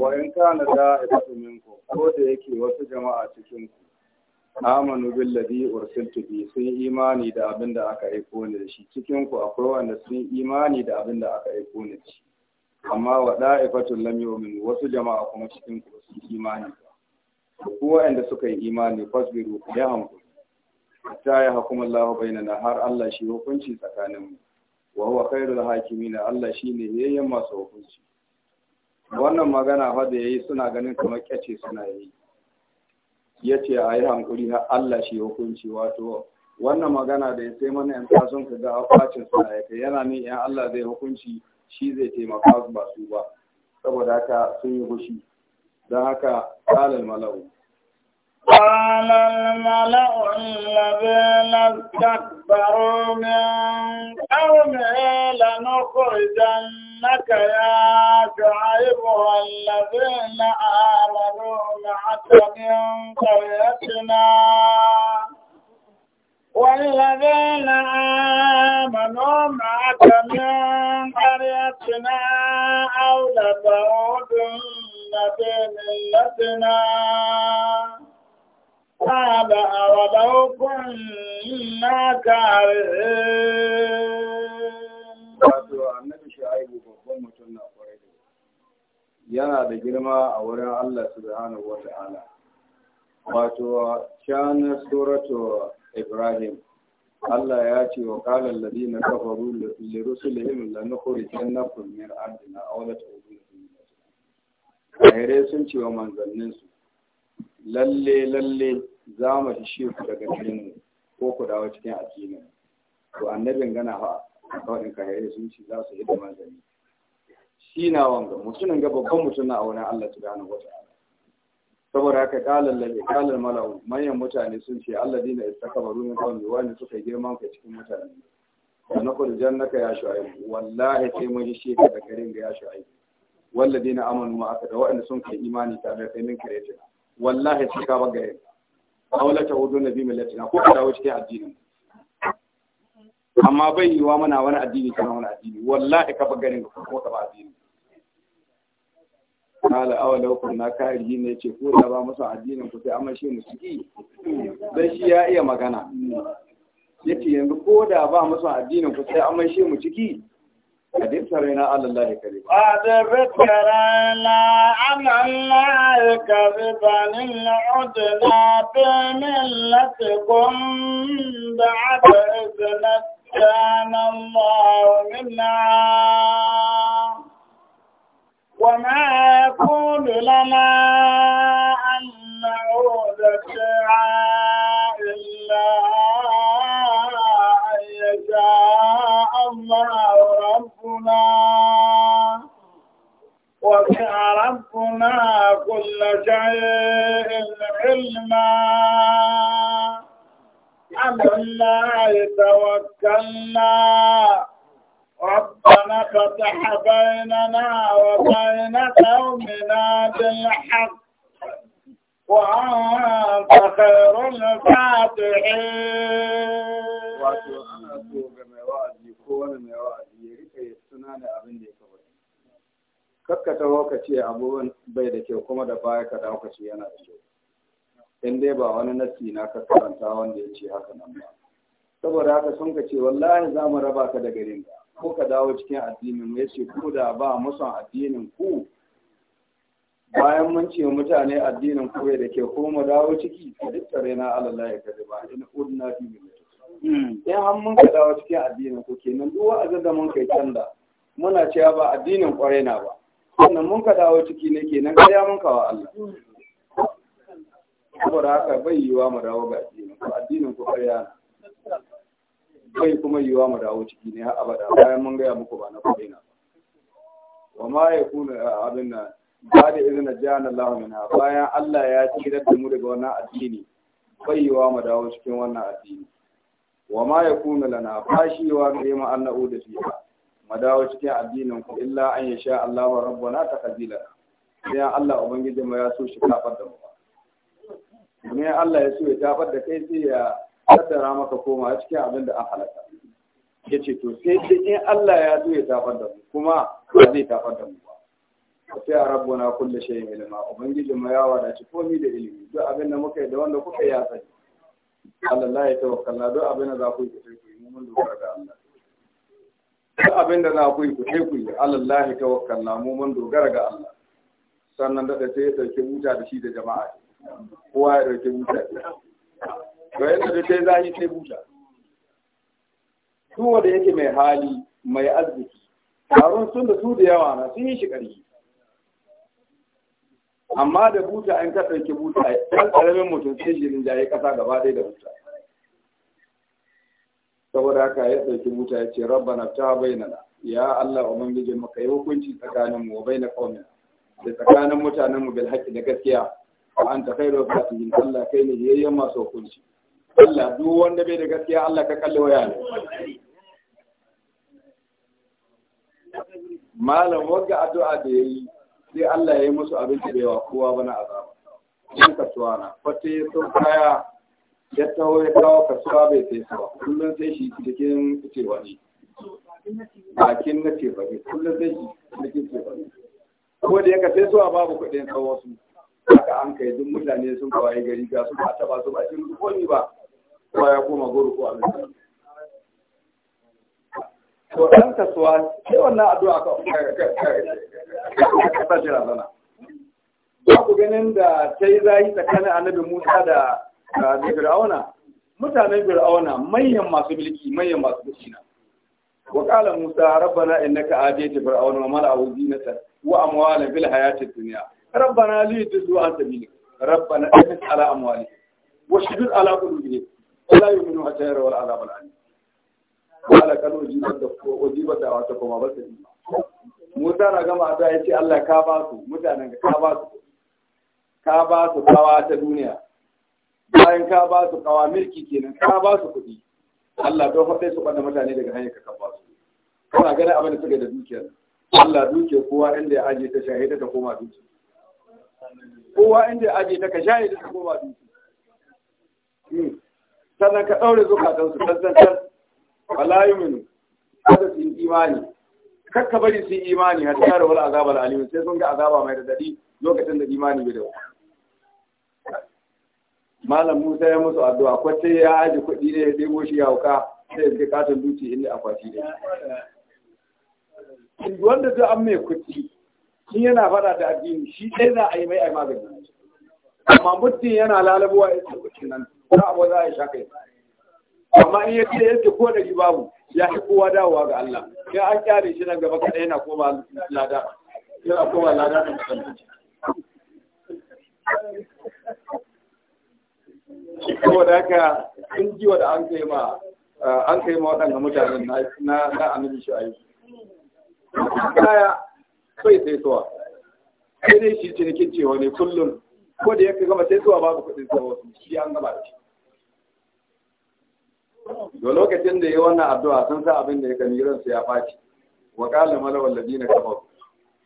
وإن كان دائرة منكم ko da yake wasu jama'a cikin ku amanu billazi ursiltu bi sun imani da abin da aka aiko ni da shi cikin ku akwai wanda sun imani da abin da aka aiko ni da shi amma wa da'ifatul lam yu'min wasu jama'a kuma cikin ku sun imani ba ku wa'anda suka yi imani fasbiru ya hanku hatta ya hukuma Allah bainana har Allah shi hukunci tsakanin mu wa huwa khairul hakimin Allah ne yayyan masu hukunci wannan magana fa da yayi suna ganin kamar kyace suna yi yace ayi hankuri har Allah shi hukunci wato wannan magana da ya sai mana yan tasun ka ga bacin suna yake yana ni yan Allah zai hukunci shi zai taimaka ba su ba saboda haka sun yi hushi don haka kalal malau قال الملأ الذين استكبروا من قومه لنخرجنك يا شعيب والذين آمنوا معك من قريتنا والذين آمنوا معك من قريتنا أو لتعودن في ملتنا قال ولو كنا كارهين yana da girma a wurin Allah subhanahu wa ta'ala wato Shani Soroto Ibrahim Allah ya ce wa kalan na kafaru li rusulihim la nukhrijannakum min ardina aw la ta'uduna sun ce wa manzanninsu lalle lalle za mu hishe ku daga cikin ko ku dawo cikin addini to annabin gana ha kawai yi sun ce za su yi da manzanni shi na wanga mutumin ga babban mutum na auna Allah subhanahu wa ta'ala saboda haka kalan lalle kalan mala'u manyan mutane sun ce Allah dina istakabaru min qawmi wani suka girma ka cikin mutane wa naqul jannaka ya shu'aib wallahi sai mun yi sheka da garin ga ya shu'aib walladina amanu ma aka da wa'anda sun kai imani ta da kai min kare ta, wallahi sai ka bagare a wala ta hudu na bi millatina ko ka dawo cikin addinin amma bai yi yiwa mana wani addini kana wani addini wallahi ka bagarin ko ka ba addini kala na kunna karihi ne ce ko da ba musu addinin ku sai amma shi musiki dan shi ya iya magana yace yanzu ko da ba musu addinin ku sai amma shi mu ciki أدب ترينا على الله كذبا أدب ترينا على الله كذبا العدنا بملتكم بعد إذ كان الله منا وما يكون لنا أن نعود فيها وسع ربنا كل شيء علما على الله توكلنا ربنا فتح بيننا وبين قومنا بالحق وأنت خير الفاتحين. kakka taho ka ce abubuwan bai da kyau kuma da baya ka dawo ka ce yana da kyau in dai ba wani nasi na ka karanta wanda ya ce haka nan ba saboda haka sun ka ce wallahi za mu raba ka da garin ka ko ka dawo cikin addinin mu yace ku da ba musan addinin ku bayan mun ce mutane addinin ku bai da kyau ko mu dawo ciki a duk tare na Allah ya kaji ba in udna fi in an mun ka dawo cikin addinin ku kenan duk wa'azin da mun kai canza muna cewa ba addinin kwarai na ba wannan mun ka dawo ciki ne kenan kaya mun kawo Allah saboda haka bai yiwa mu dawo ga addinin addinin ku kariya bai kuma yiwa mu dawo ciki ne har abada bayan mun gaya muku ba na kuɗi na wa ma ya kuna abin nan ba da na jihar Allah mina bayan Allah ya ci da mu daga wannan addini bai yiwa mu dawo cikin wannan addini wa ma ya kuna lana fashewa ga yi na'u da fiya mu dawo cikin addinin ku illa an sha Allah wa rabbuna takabila sai Allah ubangiji mu ya so shi kafar da mu ne Allah ya so ya tabar da kai sai ya kaddara maka koma cikin abin da an halaka yace to sai sai in Allah ya so ya tabar da mu kuma ba zai tabar da mu ba sai a rabbuna kulle shayin ilima ubangijin mu ya wadaci komi da ilimi duk abin da muka yi da wanda kuka yi ya sani Allah ya tawakkala duk abin da za ku yi ku yi mun dogara ga Allah duk abin da na kuyi ku sai ku yi alallahi tawakkalna mu mun dogara ga Allah sannan da sai ya dauke wuta da shi da jama'a kowa ya dauke wuta to yana da sai zai sai wuta su wanda yake mai hali mai arziki taron sun da su da yawa na sun yi shi ƙarfi amma da buta an ka ke buta ɗan ƙaramin mutum sai jirin da jaye ƙasa gaba ɗaya da buta saboda haka ya ɗauki buta ya ce rabbana ta bainana ya Allah ubangiji maka yi hukunci tsakanin mu na qaumina da tsakanin mutanen mu bil haqqi da gaskiya wa anta khairu fatihin Allah kai ne yayyan masu hukunci Allah duk wanda bai da gaskiya Allah ka kalle waya ne malam wagga addu'a da yayi sai Allah ya yi musu abinci da yawa kowa bana azaba in kasuwa na fate sun kaya ya taho ya kawo kasuwa bai sai su ba kullum sai shi cikin cewa ne bakin na ce ba ne kullum sai shi cikin cewa ne ko da yaka sai suwa babu kuɗin kawo su haka an kai duk mutane sun kawo kawai gari ga su ba taɓa su ba shi ko ni ba ko ya koma goro ko abin to ɗan kasuwa sai wannan addu'a ka ka ta jira ba ku ganin da ta yi zahi tsakanin annabi musa da fir'auna mutanen fir'auna manyan masu mulki manyan masu mulki na wa qala musa rabbana innaka atayta fir'auna wa mala'ahu zinatan wa amwala fil hayati dunya rabbana li tuddu an tabil rabbana ihmis ala amwali wa shudud ala qulubihi wa la yu'minu hatta yara wal azab al alim qala kal ujibat da ujibat da wata kuma ba sai musa na gama ta yace Allah ka ba su mutanen ka ba su ka ba su kawa ta duniya bayan ka ba su kawa milki kenan ka ba su kuɗi Allah don haɗe su ɓanda mutane daga hanyar ka ba su kana gani abin da suka da dukiyar Allah duke kowa inda ya aje ta shahida ta koma duki, kowa inda ya aje ta ka shahida ta koma duki, hmm. sannan ka ɗaure su tantantar wala yuminu kada su yi imani kakka bari su yi imani har tsara wal azabar alimin sai sun ga azaba mai daɗi, lokacin da imani bai da wani malam musa ya musu addu'a kwace ya aji kuɗi ne ya ɗebo shi ya hauka sai ya katon duci inda akwati ne wanda duk an mai kuɗi shi yana faɗa da addini shi ɗaya za a yi mai ai magani amma mutum yana lalabuwa ya ce kuɗi nan ko abu za a yi sha amma in ya ce yadda ko da babu ya fi kowa dawowa ga Allah ya an kyare shi nan gaba kaɗai yana koma lada yana koma lada da mutum saboda haka sun ji wa da an kai ma eh, an kai ma waɗanda mutanen na na na annabi shu'ayi kaya sai sai tuwa sai dai shi cinikin cewa ne kullum ko da yake gama sai tuwa ba ku sai wasu shi an gaba da shi da lokacin da ya yi wannan addu'a sun sa abin da ya kani yi ransa ya faci wa qala malawal ladina kafaru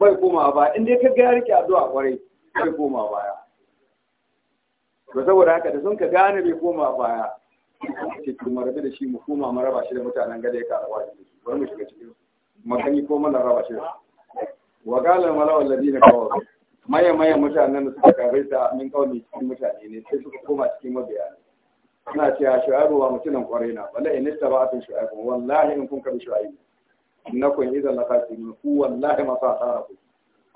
bai koma ba in dai ka ya rike addu'a kwarai bai koma baya to saboda haka da sun ka gane bai koma baya ke ki mu rabu da shi mu koma mu raba shi da mutanen gada ya karawa da shi bari mu shiga cikin makani ko mana raba shi wa qala mala'u na kafaru maye maye mutanen da suka ta min kauni cikin mutane ne sai suka koma cikin mabiya suna cewa shu'aibu ba mutunan kwarai na bala in ittaba'atun shu'aibu wallahi in kun kabi shu'aibu innakum idan su khasirin ku wallahi ma sa tsara ku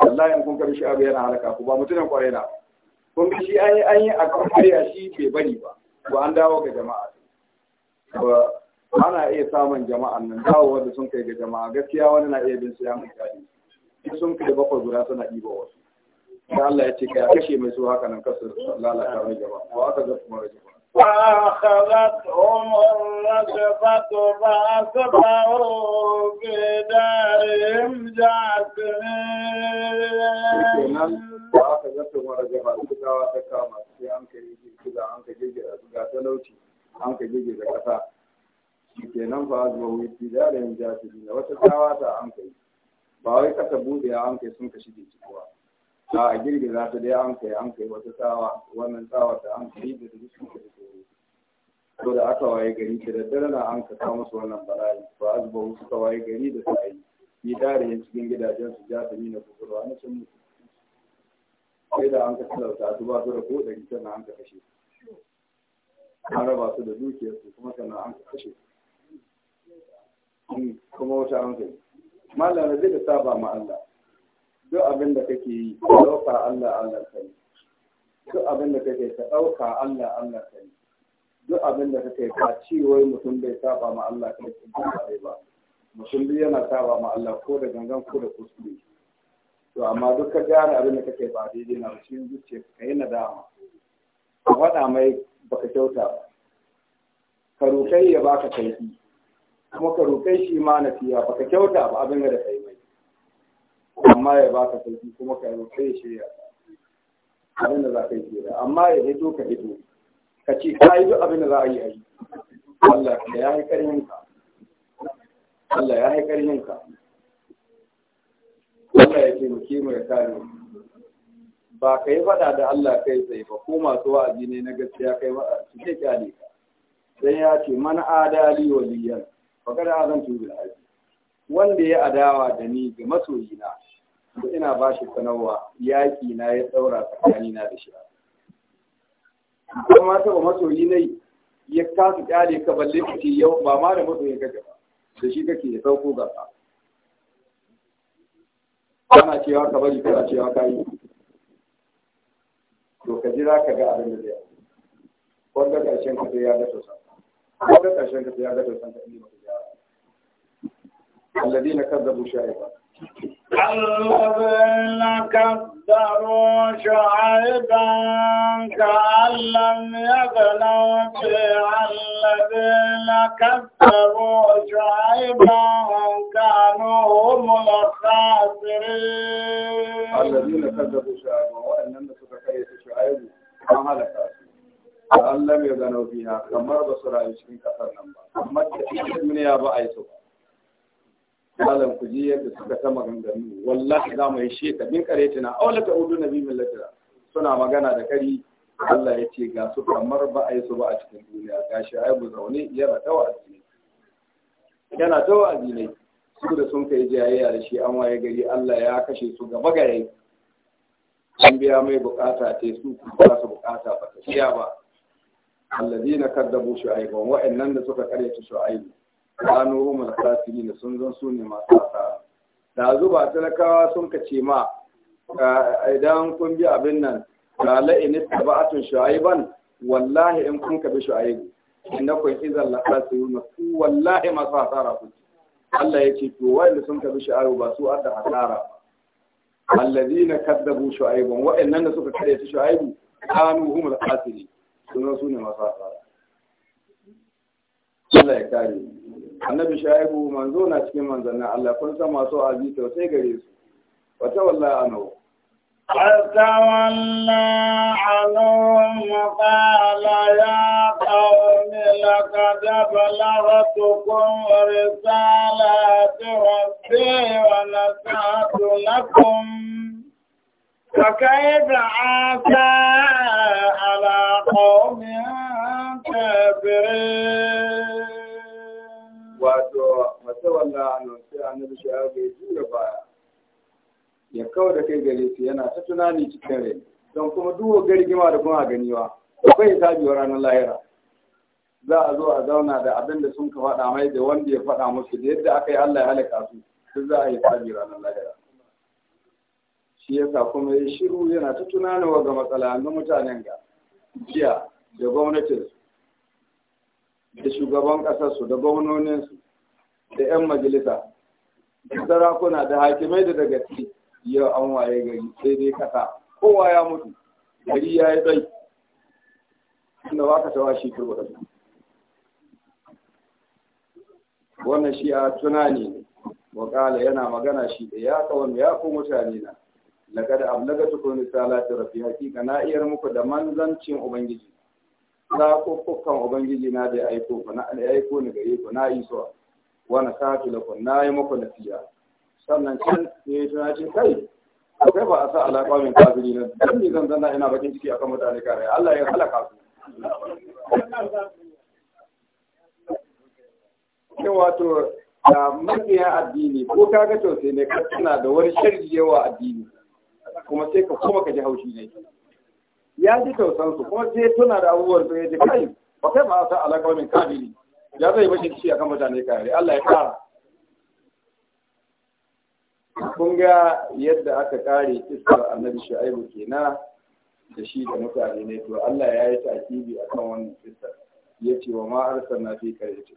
wallahi kun karshe abu yana halaka ku ba mutunan kwarai na kun ga shi an yi an yi a kariya shi bai bari ba ko an dawo ga jama'a Ba ana iya samun jama'an nan dawo wanda sun kai ga jama'a gaskiya wani na iya bin su ya sun kai bakwai guda suna ɗiba wasu Allah ya ce ka kashe mai su haka nan kasu lalata mai jama'a Ba aka ga kuma jama'a. فأخذتهم الرجفة فأصبحوا في دارهم جاثمين an ka jirgi da kasa shi nan ba zuwa wuyi fi zarayin jasiri da wata tsawa ta an ka yi ba wai kasa buɗe an kai sun kashi ke cikuwa a a girgiza ta dai an kai an kai wata tsawa wannan tsawa da an kai da ta duk suka da tsoro to da aka waye gari da daddare na an ka kawo musu wannan bala'i ba azba suka waye gari da suka yi yi yin cikin gidajen su ja ta nuna kusurwa na sun mutu sai da an ka talauta su ba su da ko ɗari sannan an ka kashe an raba su da dukiyarsu kuma sannan an ka kashe hmm, kuma wata an kai malam da zai da saba ma Allah duk abin da kake yi ka ɗauka Allah Allah kai duk abin da kake ka ɗauka Allah Allah kai duk abin da kake ka ci wai mutum bai saba ma Allah kai kin ba mutum bai yana saba ma Allah ko da gangan ko da kuskure to amma duk ka gane abin da kake ba daidai na cikin zuciya ka yi nadama ka faɗa mai baka kyauta ba ka roƙai ya baka kaifi kuma ka roƙai shi ma na fiya baka kyauta ba abin da ka amma ya baka sauki kuma ka yi sai ya shirya abin da za ka yi shirya amma ya hito ka hito ka ce ka yi duk abin da za a yi a yi Allah ya haikar karhin ka Allah ya yi karhin ka Allah ya kare ba ka yi faɗa da Allah kai tsaye ba ko masu wa'azi ne na gaskiya kai faɗa su kyale ka sai ya ce mana adali waliyan fa kada azan tu bil wanda ya adawa da ni ga masoyina ina ba shi sanarwa yaƙi na ya tsaura tsakani na da shi kuma ta ba masoyi ne ya kasa kyale ka balle ka ce yau ba ma da masoyin ka gaba da shi kake ya sauko gasa ana cewa ka bari kana cewa ka yi to ka jira ka ga abin da zai yi wanda ƙarshen ka sai ya ga sosan wanda ƙarshen ka sai ya ga sosan ka inda ba ka gyara a kazzabu ba. الذين كذبوا شعيبا كأن لم يغنوا فيها الذين كذبوا شعيبا كانوا هم الخاسرين الذين كذبوا شعيبا وإنما سكتيت شعيب ما هلك كأن لم يغنوا فيها كما بصر شريك أثر نمبر أما من يا malam ku ji yadda suka ta maganganu wallahi za mu yi sheka kare tana aula ta udu nabi millatira suna magana da kari Allah ya ce ga su kamar ba a yi su ba a cikin duniya ga shi ai mu zaune yana ta wa'azi yana ta wa'azi su da sun kai jayayya da shi an waye gari Allah ya kashe su gaba gare an biya mai bukata ta su ku ba su bukata ba ta shiya ba alladina kaddabu shu'aiban wa'annan da suka karyata shu'aibu gano humul da da sun zan su ne masu asara da zuba talakawa sun ka ce ma idan kun bi abin nan ga la'init tabatun shu'aiban wallahi in kun kabi shu'aibu innakum idan la khasirun ku wallahi masu asara ku Allah ya ce to wanda sun kabi shu'aibu ba su adda asara alladhina kadzabu shu'aiban wa'annan da suka kare su shu'aibu kanu humul khasirin sun su ne masu asara Allah ya kare mu annabi shaibu manzo na cikin manzannin Allah kun san masu azizo sai gare su wa tawalla anu wa tawalla anu ma qala ya qawmi laqad balaghtukum risalati rabbi wa nasatu lakum فكيف عسى على قوم كافرين wato mace wanda nan a annabi shi ya jura baya ya kawo da kai gare su yana ta tunani cikin rai don kuma duwa gargima da kuma ganiwa akwai hisabi ranar lahira za a zo a zauna da abin da sun ka faɗa mai da wanda ya faɗa musu da yadda aka yi Allah ya halaka su duk za a yi hisabi ranar lahira shi yasa kuma ya shiru yana ta wa ga matsala na mutanen ga jiya da gwamnatin da shugaban ƙasarsu da gwamnoninsu da 'yan majalisa da sarakuna da hakimai da daga ci yau an waye gari sai dai kasa kowa ya mutu gari ya yi ɗai inda ba ka tawa shi turba wannan shi a tunani ne wakala yana magana shi da ya kawon ya ku mutane na laƙar ablaga tukun ta rafi hakika na iyar muku da manzancin ubangiji na kokkokan ubangiji na da aiko ko na da aiko ni gare ko na yi so wa na sa'atu lakum na yi muku nasiya sannan can ya yi cin kai akwai ba a sa alaƙa min kafiri na dan ne zan zanna ina bakin ciki akan mutane kare Allah ya halaka su ke wato da mabiya addini ko to tausayi ne ka tana da wani sharri yawa addini kuma sai ka kuma ka ji haushi ne ya ji tausan su kuma sai tuna da abubuwan su ya ji kai ba kai ma sa alaka wani kabili ya zai bashi shi akan mutane kare Allah ya kara kun ga yadda aka kare iskar annabi shu'aibu kenan da shi da mutane ne to Allah ya yi ta'kibi akan wannan iskar yace wa ma arsalna fi qaryatin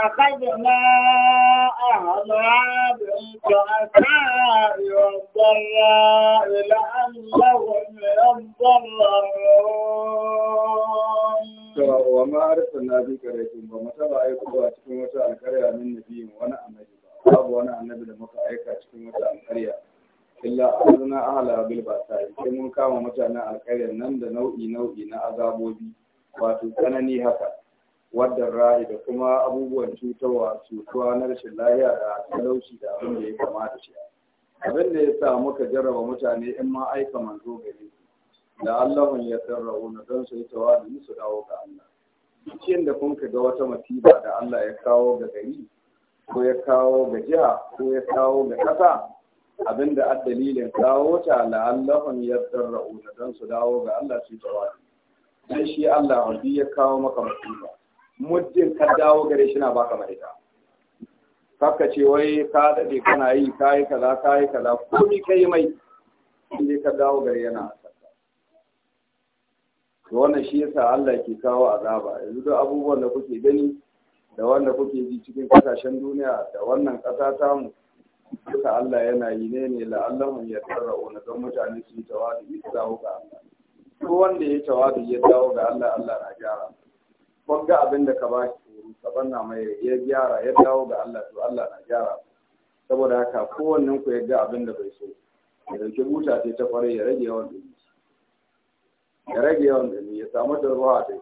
أخذنا أهلها بالبأساء والضراء لعلهم يضرعون wa ma arsalna bi qaryatin ba mata ba aiko ba cikin wata alƙarya min nabiyin wani annabi babu wani annabi da muka aika cikin wata alƙarya illa azna ahla bil basai sai mun kama mutanen alƙaryar nan da nau'i nau'i na azabobi wato tsanani haka wadda ra'ayi da kuma abubuwan cutarwa cutuwa na rashin lahiya da talauci da abin da ya kama da shi abin da ya sa muka jarraba mutane in ma aika manzo gari. da Allahun ya sarrafa na don su yi tawadu su dawo ga Allah cikin da kun ga wata masifa da Allah ya kawo ga gari ko ya kawo ga jiha ko ya kawo ga ƙasa abin da addalilin kawo ta la'allahun ya sarrafa na don su dawo ga Allah su yi tawadu sai shi Allah wanda ya kawo maka masifa muddin ka dawo gare shi na baka marita kaka ce wai ka daɗe kana yi ka yi kaza ka yi kaza komi ka yi mai inda ka dawo gare yana to wannan shi yasa Allah ke kawo azaba yanzu duk abubuwan da kuke gani da wanda kuke ji cikin kasashen duniya da wannan ƙasa tamu duka Allah yana yi ne ne la'allahun mun yadda na don mutane su yi tawadu ya dawo ga Allah ko wanda ya tawadu ya dawo ga Allah Allah na gyara kun ga abin da ka ba shi tsoro ka na mai ya gyara ya dawo ga Allah to Allah na gyara saboda haka kowannen ku ya ga abin da bai so ya dauki buta sai ta kwarai ya rage yawan dumi ya rage yawan dumi ya samu da ruwa da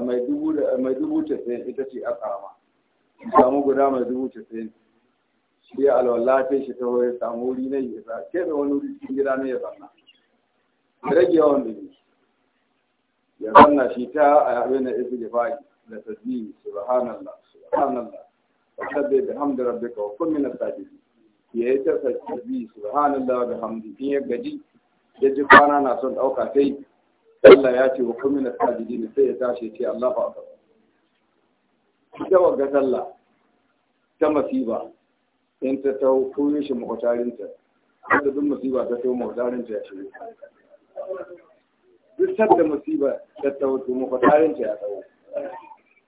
mai dubu mai dubu ita ce a kama ya samu guda mai dubu ta sai shi ya alwala ta shi ta ya samu wuri na yi ya sa ke da wani wuri cikin gida ne ya zanna ya rage yawan dumi ya zanna shi ta a abin da istighfari da tasbihi subhanallah subhanallah wa sabbi bihamdi rabbika wa kun min as-sajidin ya yi ta tasbihi subhanallah wa bihamdi in ya gaji ya ji kwana na son dauka sai Allah ya ce wa kun min as sai ya tashi ce Allahu. fa akbar ita wagga sallah ta masiba in ta tau koyo shi makwatarinta wanda duk masiba ta tau makwatarinta ya shirya duk sadda musiba da ta wato makwatarin ta ya tsawo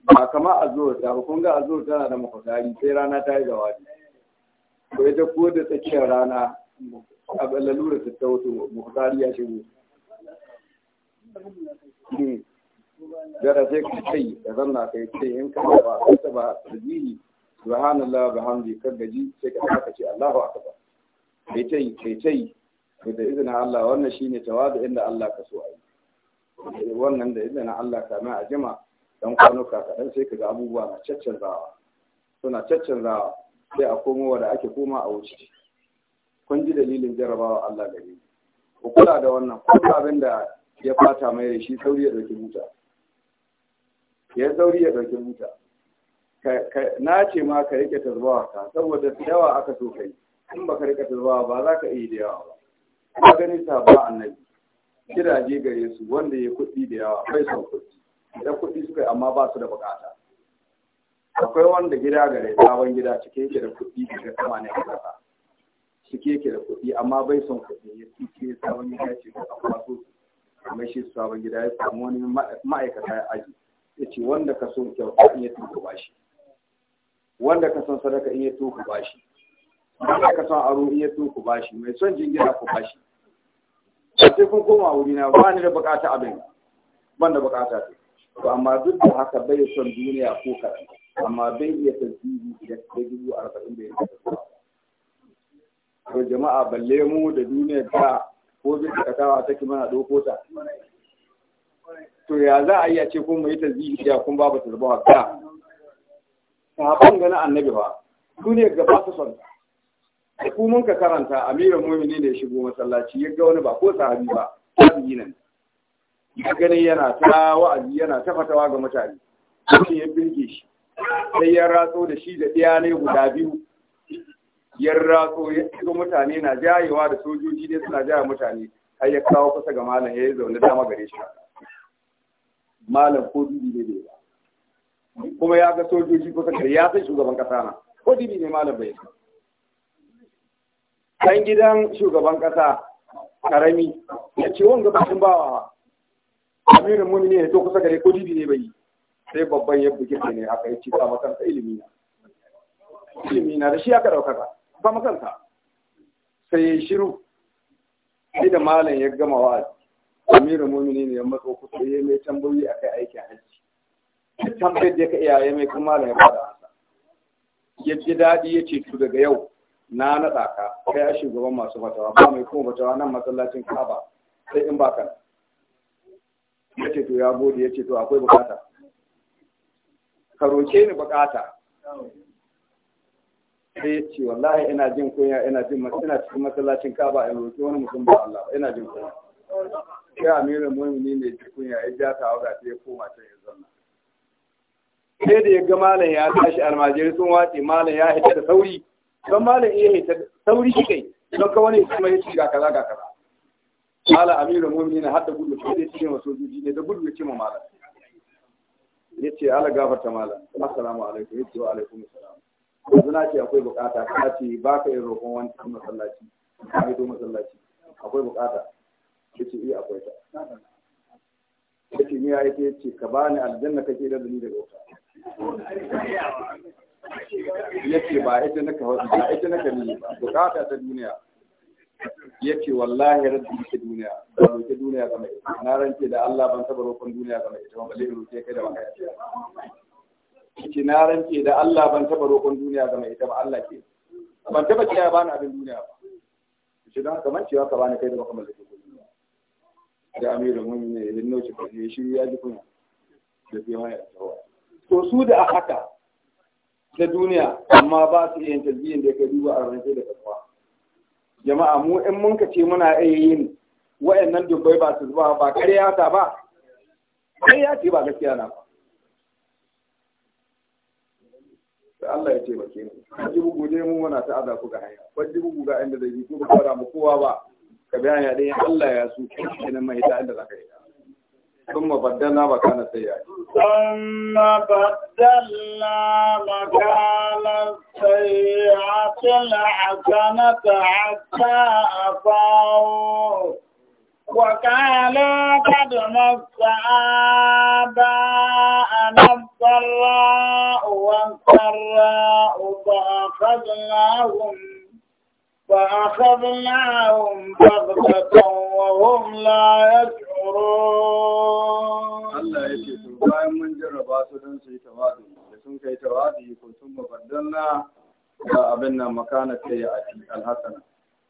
ba kama a zuwa ta ba kun ga a zuwa tana da makwatari sai rana ta yi zawadi ko ita ko da tsakiyar rana a lalura ta ta wato makwatari ya shigo gara hmm. sai ka kai da zanna kai ce in ka ba ta ba tajiri subhanallah bihamdi kar gaji sai ka saka ce Allahu akbar kai tai kai tai da izinin Allah wannan shine tawadu inda Allah ka so a yi Eh, wannan da idan Allah kama a jima dan kwanuka kaɗan sai ka ga abubuwa na caccanzawa suna caccanzawa sai a komowa da ake koma a wuce kun ji dalilin jarabawa Allah gare ku kula da wannan ko abin da ya fata mai da shi sauri ya dauki buta ya sauri ya dauki buta na ce ma ka rike tarbawa ka saboda da yawa aka so kai in baka rike tarbawa ba za ka iya da yawa ba ka gani ba annabi gidaje gare su wanda ya kuɗi da yawa bai son kuɗi idan kuɗi suka yi amma ba su da bukata akwai wanda gida gare sabon gida cike yake da kuɗi daga kama ne a ƙasa cike yake da kuɗi amma bai son kuɗi ya cike sabon gida ce ko a kwaso kamar shi sabon gida ya samu wani ma'aikata ya aji ya ce wanda ka son kyauta in ya tuka bashi wanda ka son sadaka in ya tuka bashi wanda ka son aro in ya tuka bashi mai son jingina ku bashi a sai kun koma wuri na ba ni da bukata abin ban da bukata ce to amma duk da haka bai son duniya ko kaɗan amma bai iya tasiri da da dubu arba'in da iya to jama'a balle mu da duniya ta ko bin ta take mana ɗauko ta to ya za a iya ce ko mai ta tasiri da kun babu tarbawa ka ban ganin annabi ba duniya gaba ta son da ku mun ka karanta amiran mu'mini ne shigo masallaci ya ga wani ba ko sahabi ba sahabi nan ya gani yana ta wa'azi yana ta fatawa ga mutane sai ya birge shi sai ya ratso da shi da ɗaya ne guda biyu ya ratso ya shigo mutane na jayewa da sojoji ne suna jaya mutane har ya kawo kusa ga malam ya yi zaune dama gare shi malam ko dubi ne bai ba kuma ya ga sojoji kusa gare ya san shugaban kasa na ko dubi ne malam bai san ɗan gidan shugaban ƙasa ƙarami ya ce wanga ba sun bawa amirin ne ya to kusa gare ko jibi ne bai sai babban ya buge ne ne haka ya ce ba makansa ilimi na ilimi na da shi aka ɗaukaka ba makansa sai ya shiru sai da malam ya gama wa amirin mumini ne ya matso kusa ya mai tambayoyi akai aikin hajji tambayar da ya ka iyaye mai kuma malam ya bada ya ji daɗi ya ce to daga yau na naɗa ka kai a shugaban masu fatawa ba mai kuma fatawa nan masallacin kaba sai in baka ya ce to ya gode ya ce to akwai bukata ka roke ni bukata sai ce wallahi ina jin kunya ina jin ina cikin masallacin kaba in roki wani mutum ba Allah ina jin kunya sai amira mu'mini ne ji kunya ya ja ta ga sai ya koma can ya zanna sai da ya ga malam ya tashi almajiri sun wace malam ya hita da sauri don malam iya hita sauri shi kai don ka wani kuma ya ci ga kaza ga kaza mala amiru mu'minin har da gudu sai ce wa sojoji ne da gudu ya ce ma malam yace ala gafarta malam assalamu alaikum ce wa alaikum assalam yanzu na ce akwai bukata ka ce ba ka yin roƙon wani masallaci ka haido masallaci akwai bukata ya ce iya eh, akwai ta ya ce ni ya yi ta ya ce ka bani aljanna kake da ni daga wuta yake ba ita naka ba ita naka ne ba bukata ta duniya yake wallahi rabbi ta duniya ba ke duniya kama ita. na rance da Allah ban taba roƙon duniya kama ita ba balle roƙe kai da wani yace na rance da Allah ban taba roƙon duniya kama ita ba Allah ke ban taba kiyaye ba ni abin duniya ba yace don haka man cewa ka bani kai da baka mallaki ko duniya da amirul mu'minin ya noce ka shi ya ji kunya da biya ya tawa to su da haka ta duniya amma ba su iya tarbiyyar da ya duba a rance da kasuwa jama'a mu in mun ka ce muna iya yin wa'annan dubbai ba su zuwa ba ƙarya ta ba ƙarya ce ba gaskiya na ba da Allah ya ce ba ba ji bugu dai mu muna ta aza ku ga hanya ji bugu ga inda zai yi ko ba kowa ba ka bi hanya dai Allah ya su kenan mai ta inda za ka yi ثم بدلنا مكان السيئات ثم بدلنا مكان السيئات الحسنة حتى أفاو وقالوا قد مس آباءنا الضراء والسراء فأخذناهم فأخذناهم بغتة وهم لا يشعرون abin nan makana ta ya a alhassana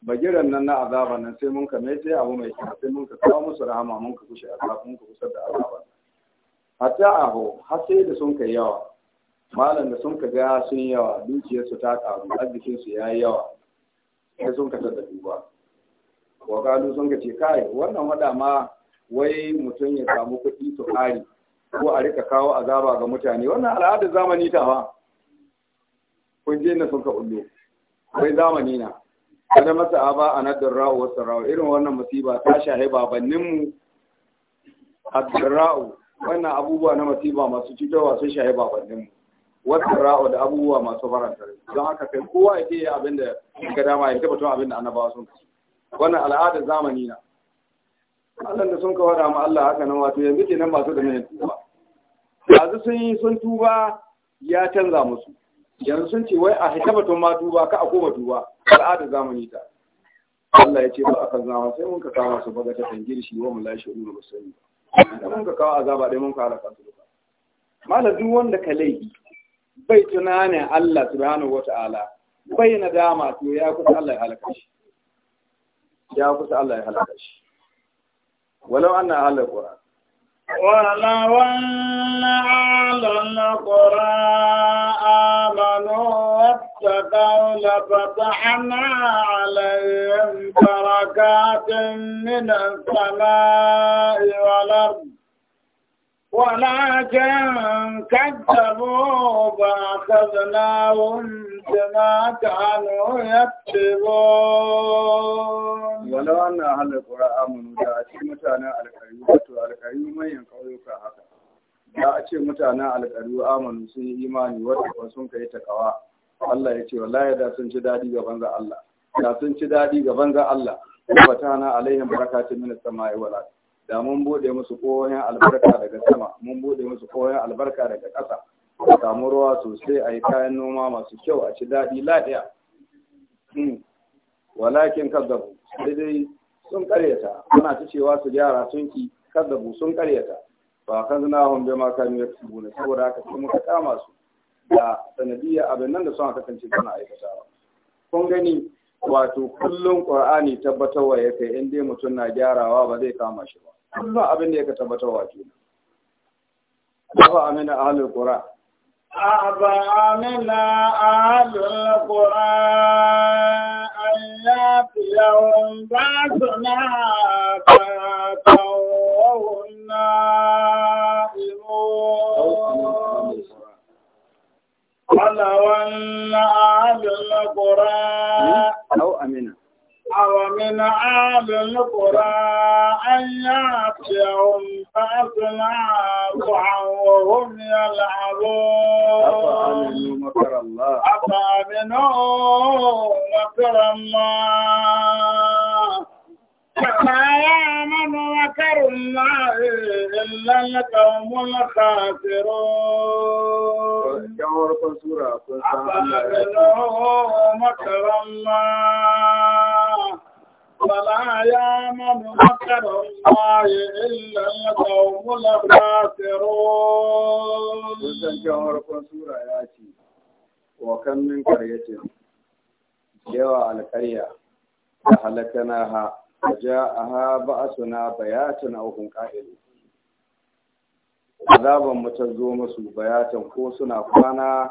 bagiran nan na azaba nan sai mun kame sai abu mai kyau sai mun ka kawo musu rahama mun ka kushe azaba mun ka kusar da azaba hatta aho har sai da sun kai yawa malam da sun ka ga sun yawa dukiyarsu ta karu arzikin su yayi yawa sai sun ka tada duba wa kalu sun ka ce kai wannan wada ma wai mutum ya samu kuɗi su ƙari ko a rika kawo azaba ga mutane wannan al'adar zamani ta ba kun je na suka ullo wai zamani na kada masa aba a nadar ra'u wasu ra'u irin wannan masiba ta shahe babanninmu a ra'u wannan abubuwa na masiba masu cutarwa sun shahe babanninmu wata ra'u da abubuwa masu faranta don haka kai kowa ya ke abin da ga dama ya tabbatar abin da annabawa sun kasu wannan al'ada zamani na Allah da sun kawada mu Allah haka nan wato yanzu kenan ba su da mai tuba yanzu sun yi sun tuba ya canza musu yanzu sun ce wai a batun ma duba ka a koma duba al'adar zamani ta Allah ya ce ba aka zama sai mun ka kama su baga ta tangir shi wa mulai shi ulu musulmi da mun ka kawo azaba dai mun ka halaka su duka mala duk wanda ka laifi bai tunanin Allah subhanahu wata'ala bai na dama to ya kusa Allah ya halaka shi ya kusa Allah ya halaka shi walau anna halal qur'an walau anna halal qur'an اتقوا لفتحنا عليهم بركات من السماء والأرض ولكن كذبوا فأخذناهم بما كانوا يكسبون ولو أن أهل القرى آمنوا da a ce mutanen alƙaryu wato alƙaryu manyan ƙauyuka haka da a ce mutanen alƙaryu amanu sun yi imani wata sun kai takawa Allah ya ce wa wallahi da sun ci dadi ga banza Allah da sun ci dadi ga banza Allah na alaihim barakatun min samai wal da mun bude musu koyon albarka daga sama mun buɗe musu koyon albarka daga ƙasa a samu ruwa sosai a yi kayan noma masu kyau a ci daɗi laɗiya hmm. walakin kazzabu dai sun karyata ana ta cewa su gyara sun ki kazzabu sun karyata ba kan zina hun bai maka ne su saboda haka sai muka kama su da sanadiyya abin nan da suna kasance suna ba. kun gani wato kullum ƙur'ani tabbatarwa ya kai inda dai mutum na gyarawa ba zai kama shi ba kullum abin da ya yake tabbatarwa nan. ba amina ahlul qur'an أفأمن أهل القرى ba su na بياتا wunna ilmu. Alawanna abin kura. Au amina. kura an ya fi ahun fasu na kuhawahun ya la'abo. Aka ما ذكر الله إلا القوم الخاسرون أفأمنوا مكر الله فلا يأمن مكر الله إلا القوم الخاسرون وكم من قرية جوا على قرية هلكناها ja'aha ba'suna bayatan aw hum qa'ilun azaban mu ta zo masu bayatan ko suna kwana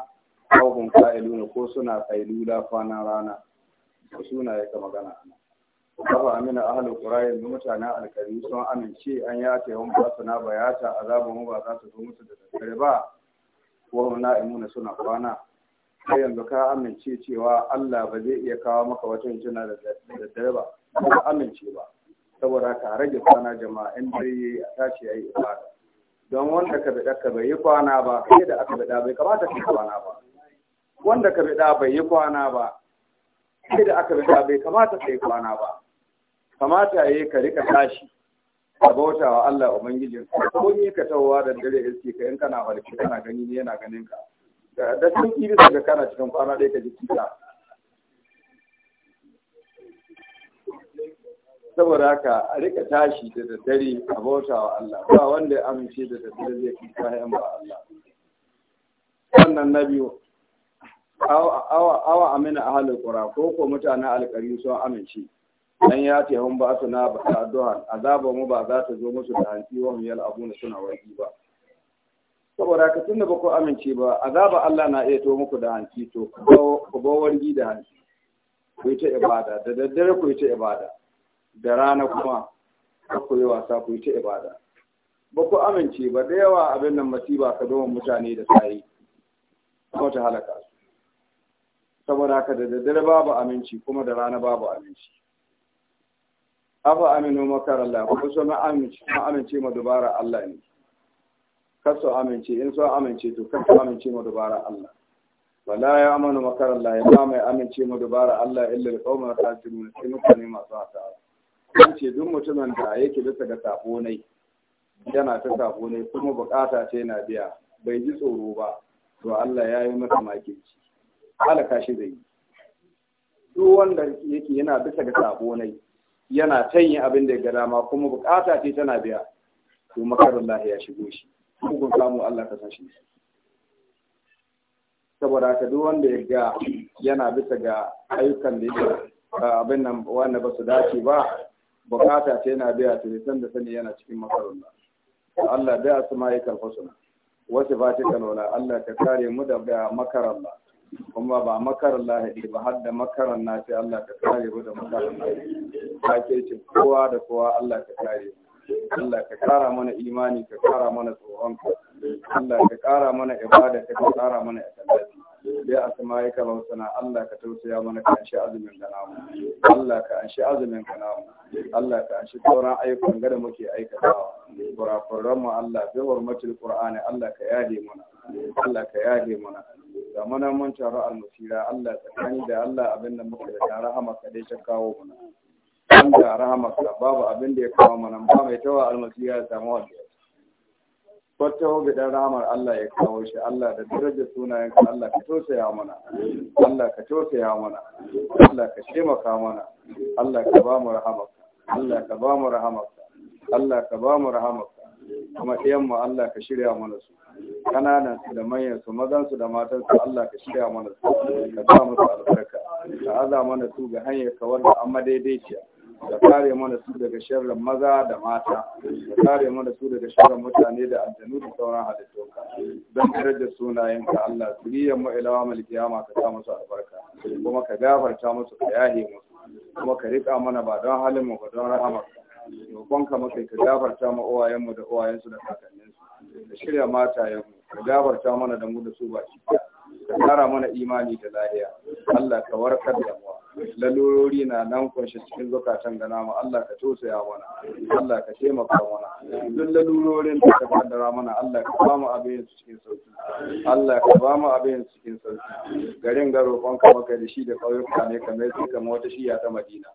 aw hum ne ko suna kailula kwanan rana suna yake magana ana kafa amina ahalu qura'in mutanen alkari sun amince an ya ta yawan ba suna bayata azaban mu ba za su zo musu da daddare ba wa na'imuna suna kwana sai yanzu ka amince cewa Allah ba zai iya kawo maka wata hijina da daddare ba ba amince ba saboda ka rage kwana jama'a in dai a tashi yayi ibada don wanda ka bida ka bai yi kwana ba kai da aka bida bai kamata ka kwana ba wanda ka bida bai yi kwana ba kai da aka bida bai kamata ka yi kwana ba kamata yayi ka rika tashi ka bauta wa Allah Ubangijin ko ni ka tawwa da dare iske ka in kana walki kana gani ne yana ganin ka da sun yi daga kana cikin kwana ɗaya ka ji kisa saboda haka a rika tashi da daddare a bauta wa Allah ba wanda ya amince da daddare zai fi kayan ba Allah wannan na biyu awa amina ahalul ƙura, ko ko mutanen alƙari sun amince dan ya ce hun ba su na ba addu'a azaba mu ba za ta zo musu da hanci wa abu abuna suna waki ba saboda ka tunda ba ku amince ba azaba Allah na iya to muku da hanci to ku ba wargi da hanci ku yi ta ibada da daddare ku yi ta ibada da rana kuma ku yi wasa ku yi ta ibada ba ku amince ba da yawa abin nan masiba ka domin mutane da sayi kuma ta halaka su saboda haka da daddare babu aminci kuma da rana babu aminci afa aminu makar Allah ku so ma amince ma amince dubara Allah ne kar amince in so amince to kar amince ma dubara Allah wala ya amanu makar Allah ya ba mai amince ma dubara Allah illa alqawma kafirun sai mutane masu hasara sun ce duk mutumin da yake bisa ga sabo ne yana ta sabo kuma bukata ce na biya bai ji tsoro ba to Allah ya yi masa makinci halaka shi zai yi duk wanda yake yana bisa ga sabo ne yana tanyi abin da ya ga ma, kuma bukata ce tana biya to makarin ya shigo shi hukun samu Allah ka san shi saboda haka duk wanda ya ga yana bisa ga ayyukan da yake abin nan wanda ba su dace ba bukata ce yana biya ta nisan da sani yana cikin makarun Allah biya su karfa suna wasu fati kalola Allah ka kare mu da biya makarar ba kuma ba makarar lahadi ba har da makarar na ce Allah ka kare mu da makarar lahadi ke ce kowa da kowa Allah ka kare mu Allah ka kara mana imani ka kara mana tsoronka Allah ka kara mana ibada ka kara mana ikhlasi bi ya kama sana Allah ka tausaya mana ka anshi azumin da namu Allah ka anshi azumin ka namu Allah ka anshi sauran ayyukan gada muke aikatawa kurakuran mu Allah bi hurmatil qur'ani Allah ka yaje mana Allah ka yaje mana ga mana mun taro al-musira Allah tsakani da Allah abin da muke da rahama ka dai ta kawo mana wanda rahama ka babu abin da ya kawo mana ba mai tawa al-musira samu wanda kwattaho bidan ramar Allah ya kawo shi Allah da daraja sunayen ka Allah ka tausaya mana Allah ka tausaya mana Allah ka taimaka mana Allah ka ba mu rahamaka Allah ka ba mu rahamaka Allah ka ba mu rahamaka kuma ɗiyan mu Allah ka shirya mana su kananan su da manyan su mazan su da matan su Allah ka shirya mana su ka ba musu albarka ka aza mana su ga hanyar ka wanda an madaidaiciya. da kare mana su daga sharrin maza da mata da kare mana su daga sharrin mutane da aljanu da sauran halittu don kare da ka Allah zuriyar mu ilawa mal kiyama ka sa musu albarka kuma ka gafarta musu ka yahe musu kuma ka rika mana ba don halin mu ba don rahamar roƙonka muke ka gafarta mu mu da su da su da shirya mata matayenmu ka gafarta mana da mu da su ba shi ka kara mana imani da lahiya Allah ka warkar da mu lalurori na nan kunshi cikin zukatan ga namu Allah ka tausaya mana Allah ka taimaka mana duk lalurorin da ka kaddara mana Allah ka ba mu abin cikin sauki Allah ka ba mu abin cikin sauki garin ga roƙon ka maka da shi da ƙauyuka ne kamar su kama wata shiya ta Madina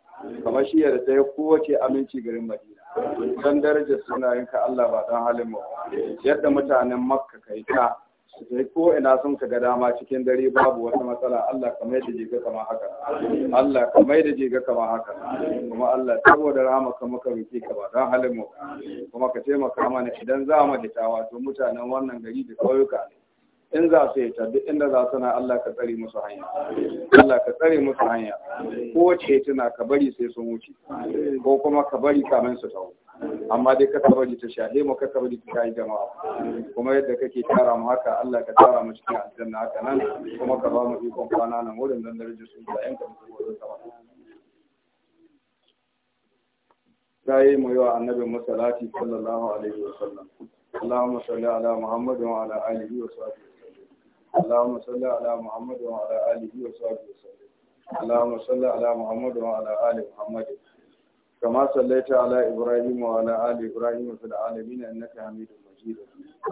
kamar shiya da ta yi kowace aminci garin Madina don darajar ka Allah ba don halin mu yadda mutanen Makka kai ta sai ko ina sun ka ga dama cikin dare babu wata matsala Allah ka mai da jiga kama haka Allah ka mai da jiga kama haka kuma Allah saboda rama ka muka roke ka ba don halin mu kuma ka taimaka mana idan za mu tawa to mutanen wannan gari da kauyuka ne in za su yi duk inda za su na Allah ka tsare musu hanya Allah ka tsare musu hanya ko ce tuna ka bari sai sun wuce ko kuma ka bari kamin su tawo amma dai ka bari ta shahe mu ka bari ta kai jama'a kuma yadda kake tara mu haka Allah ka tara mu cikin aljanna haka nan kuma ka ba mu ikon kwana nan wurin dan darajar su da yanka mu wurin ta sai mu yi wa annabi musallati sallallahu alaihi wasallam اللهم صل على محمد وعلى اله وصحبه اللهم صل على محمد وعلى آله وصحبه وسلم اللهم صل على محمد وعلى آل محمد كما صليت على إبراهيم وعلى آل إبراهيم في العالمين إنك حميد مجيد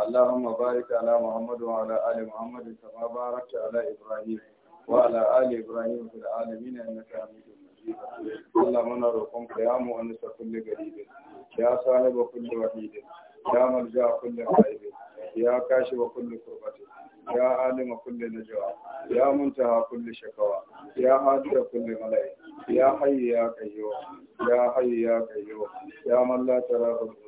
اللهم بارك على محمد وعلى آل محمد كما باركت على إبراهيم وعلى آل إبراهيم في العالمين إنك حميد مجيد اللهم نرقم قيام وأنس كل قريب يا صاحب كل وحيد يا ملجأ كل قريب يا كاشف كل كربة يا عالم كل نجوى يا منتهى كل شكوى يا حاضر كل ملئ يا حي يا قيوم يا حي يا قيوم يا من لا تراه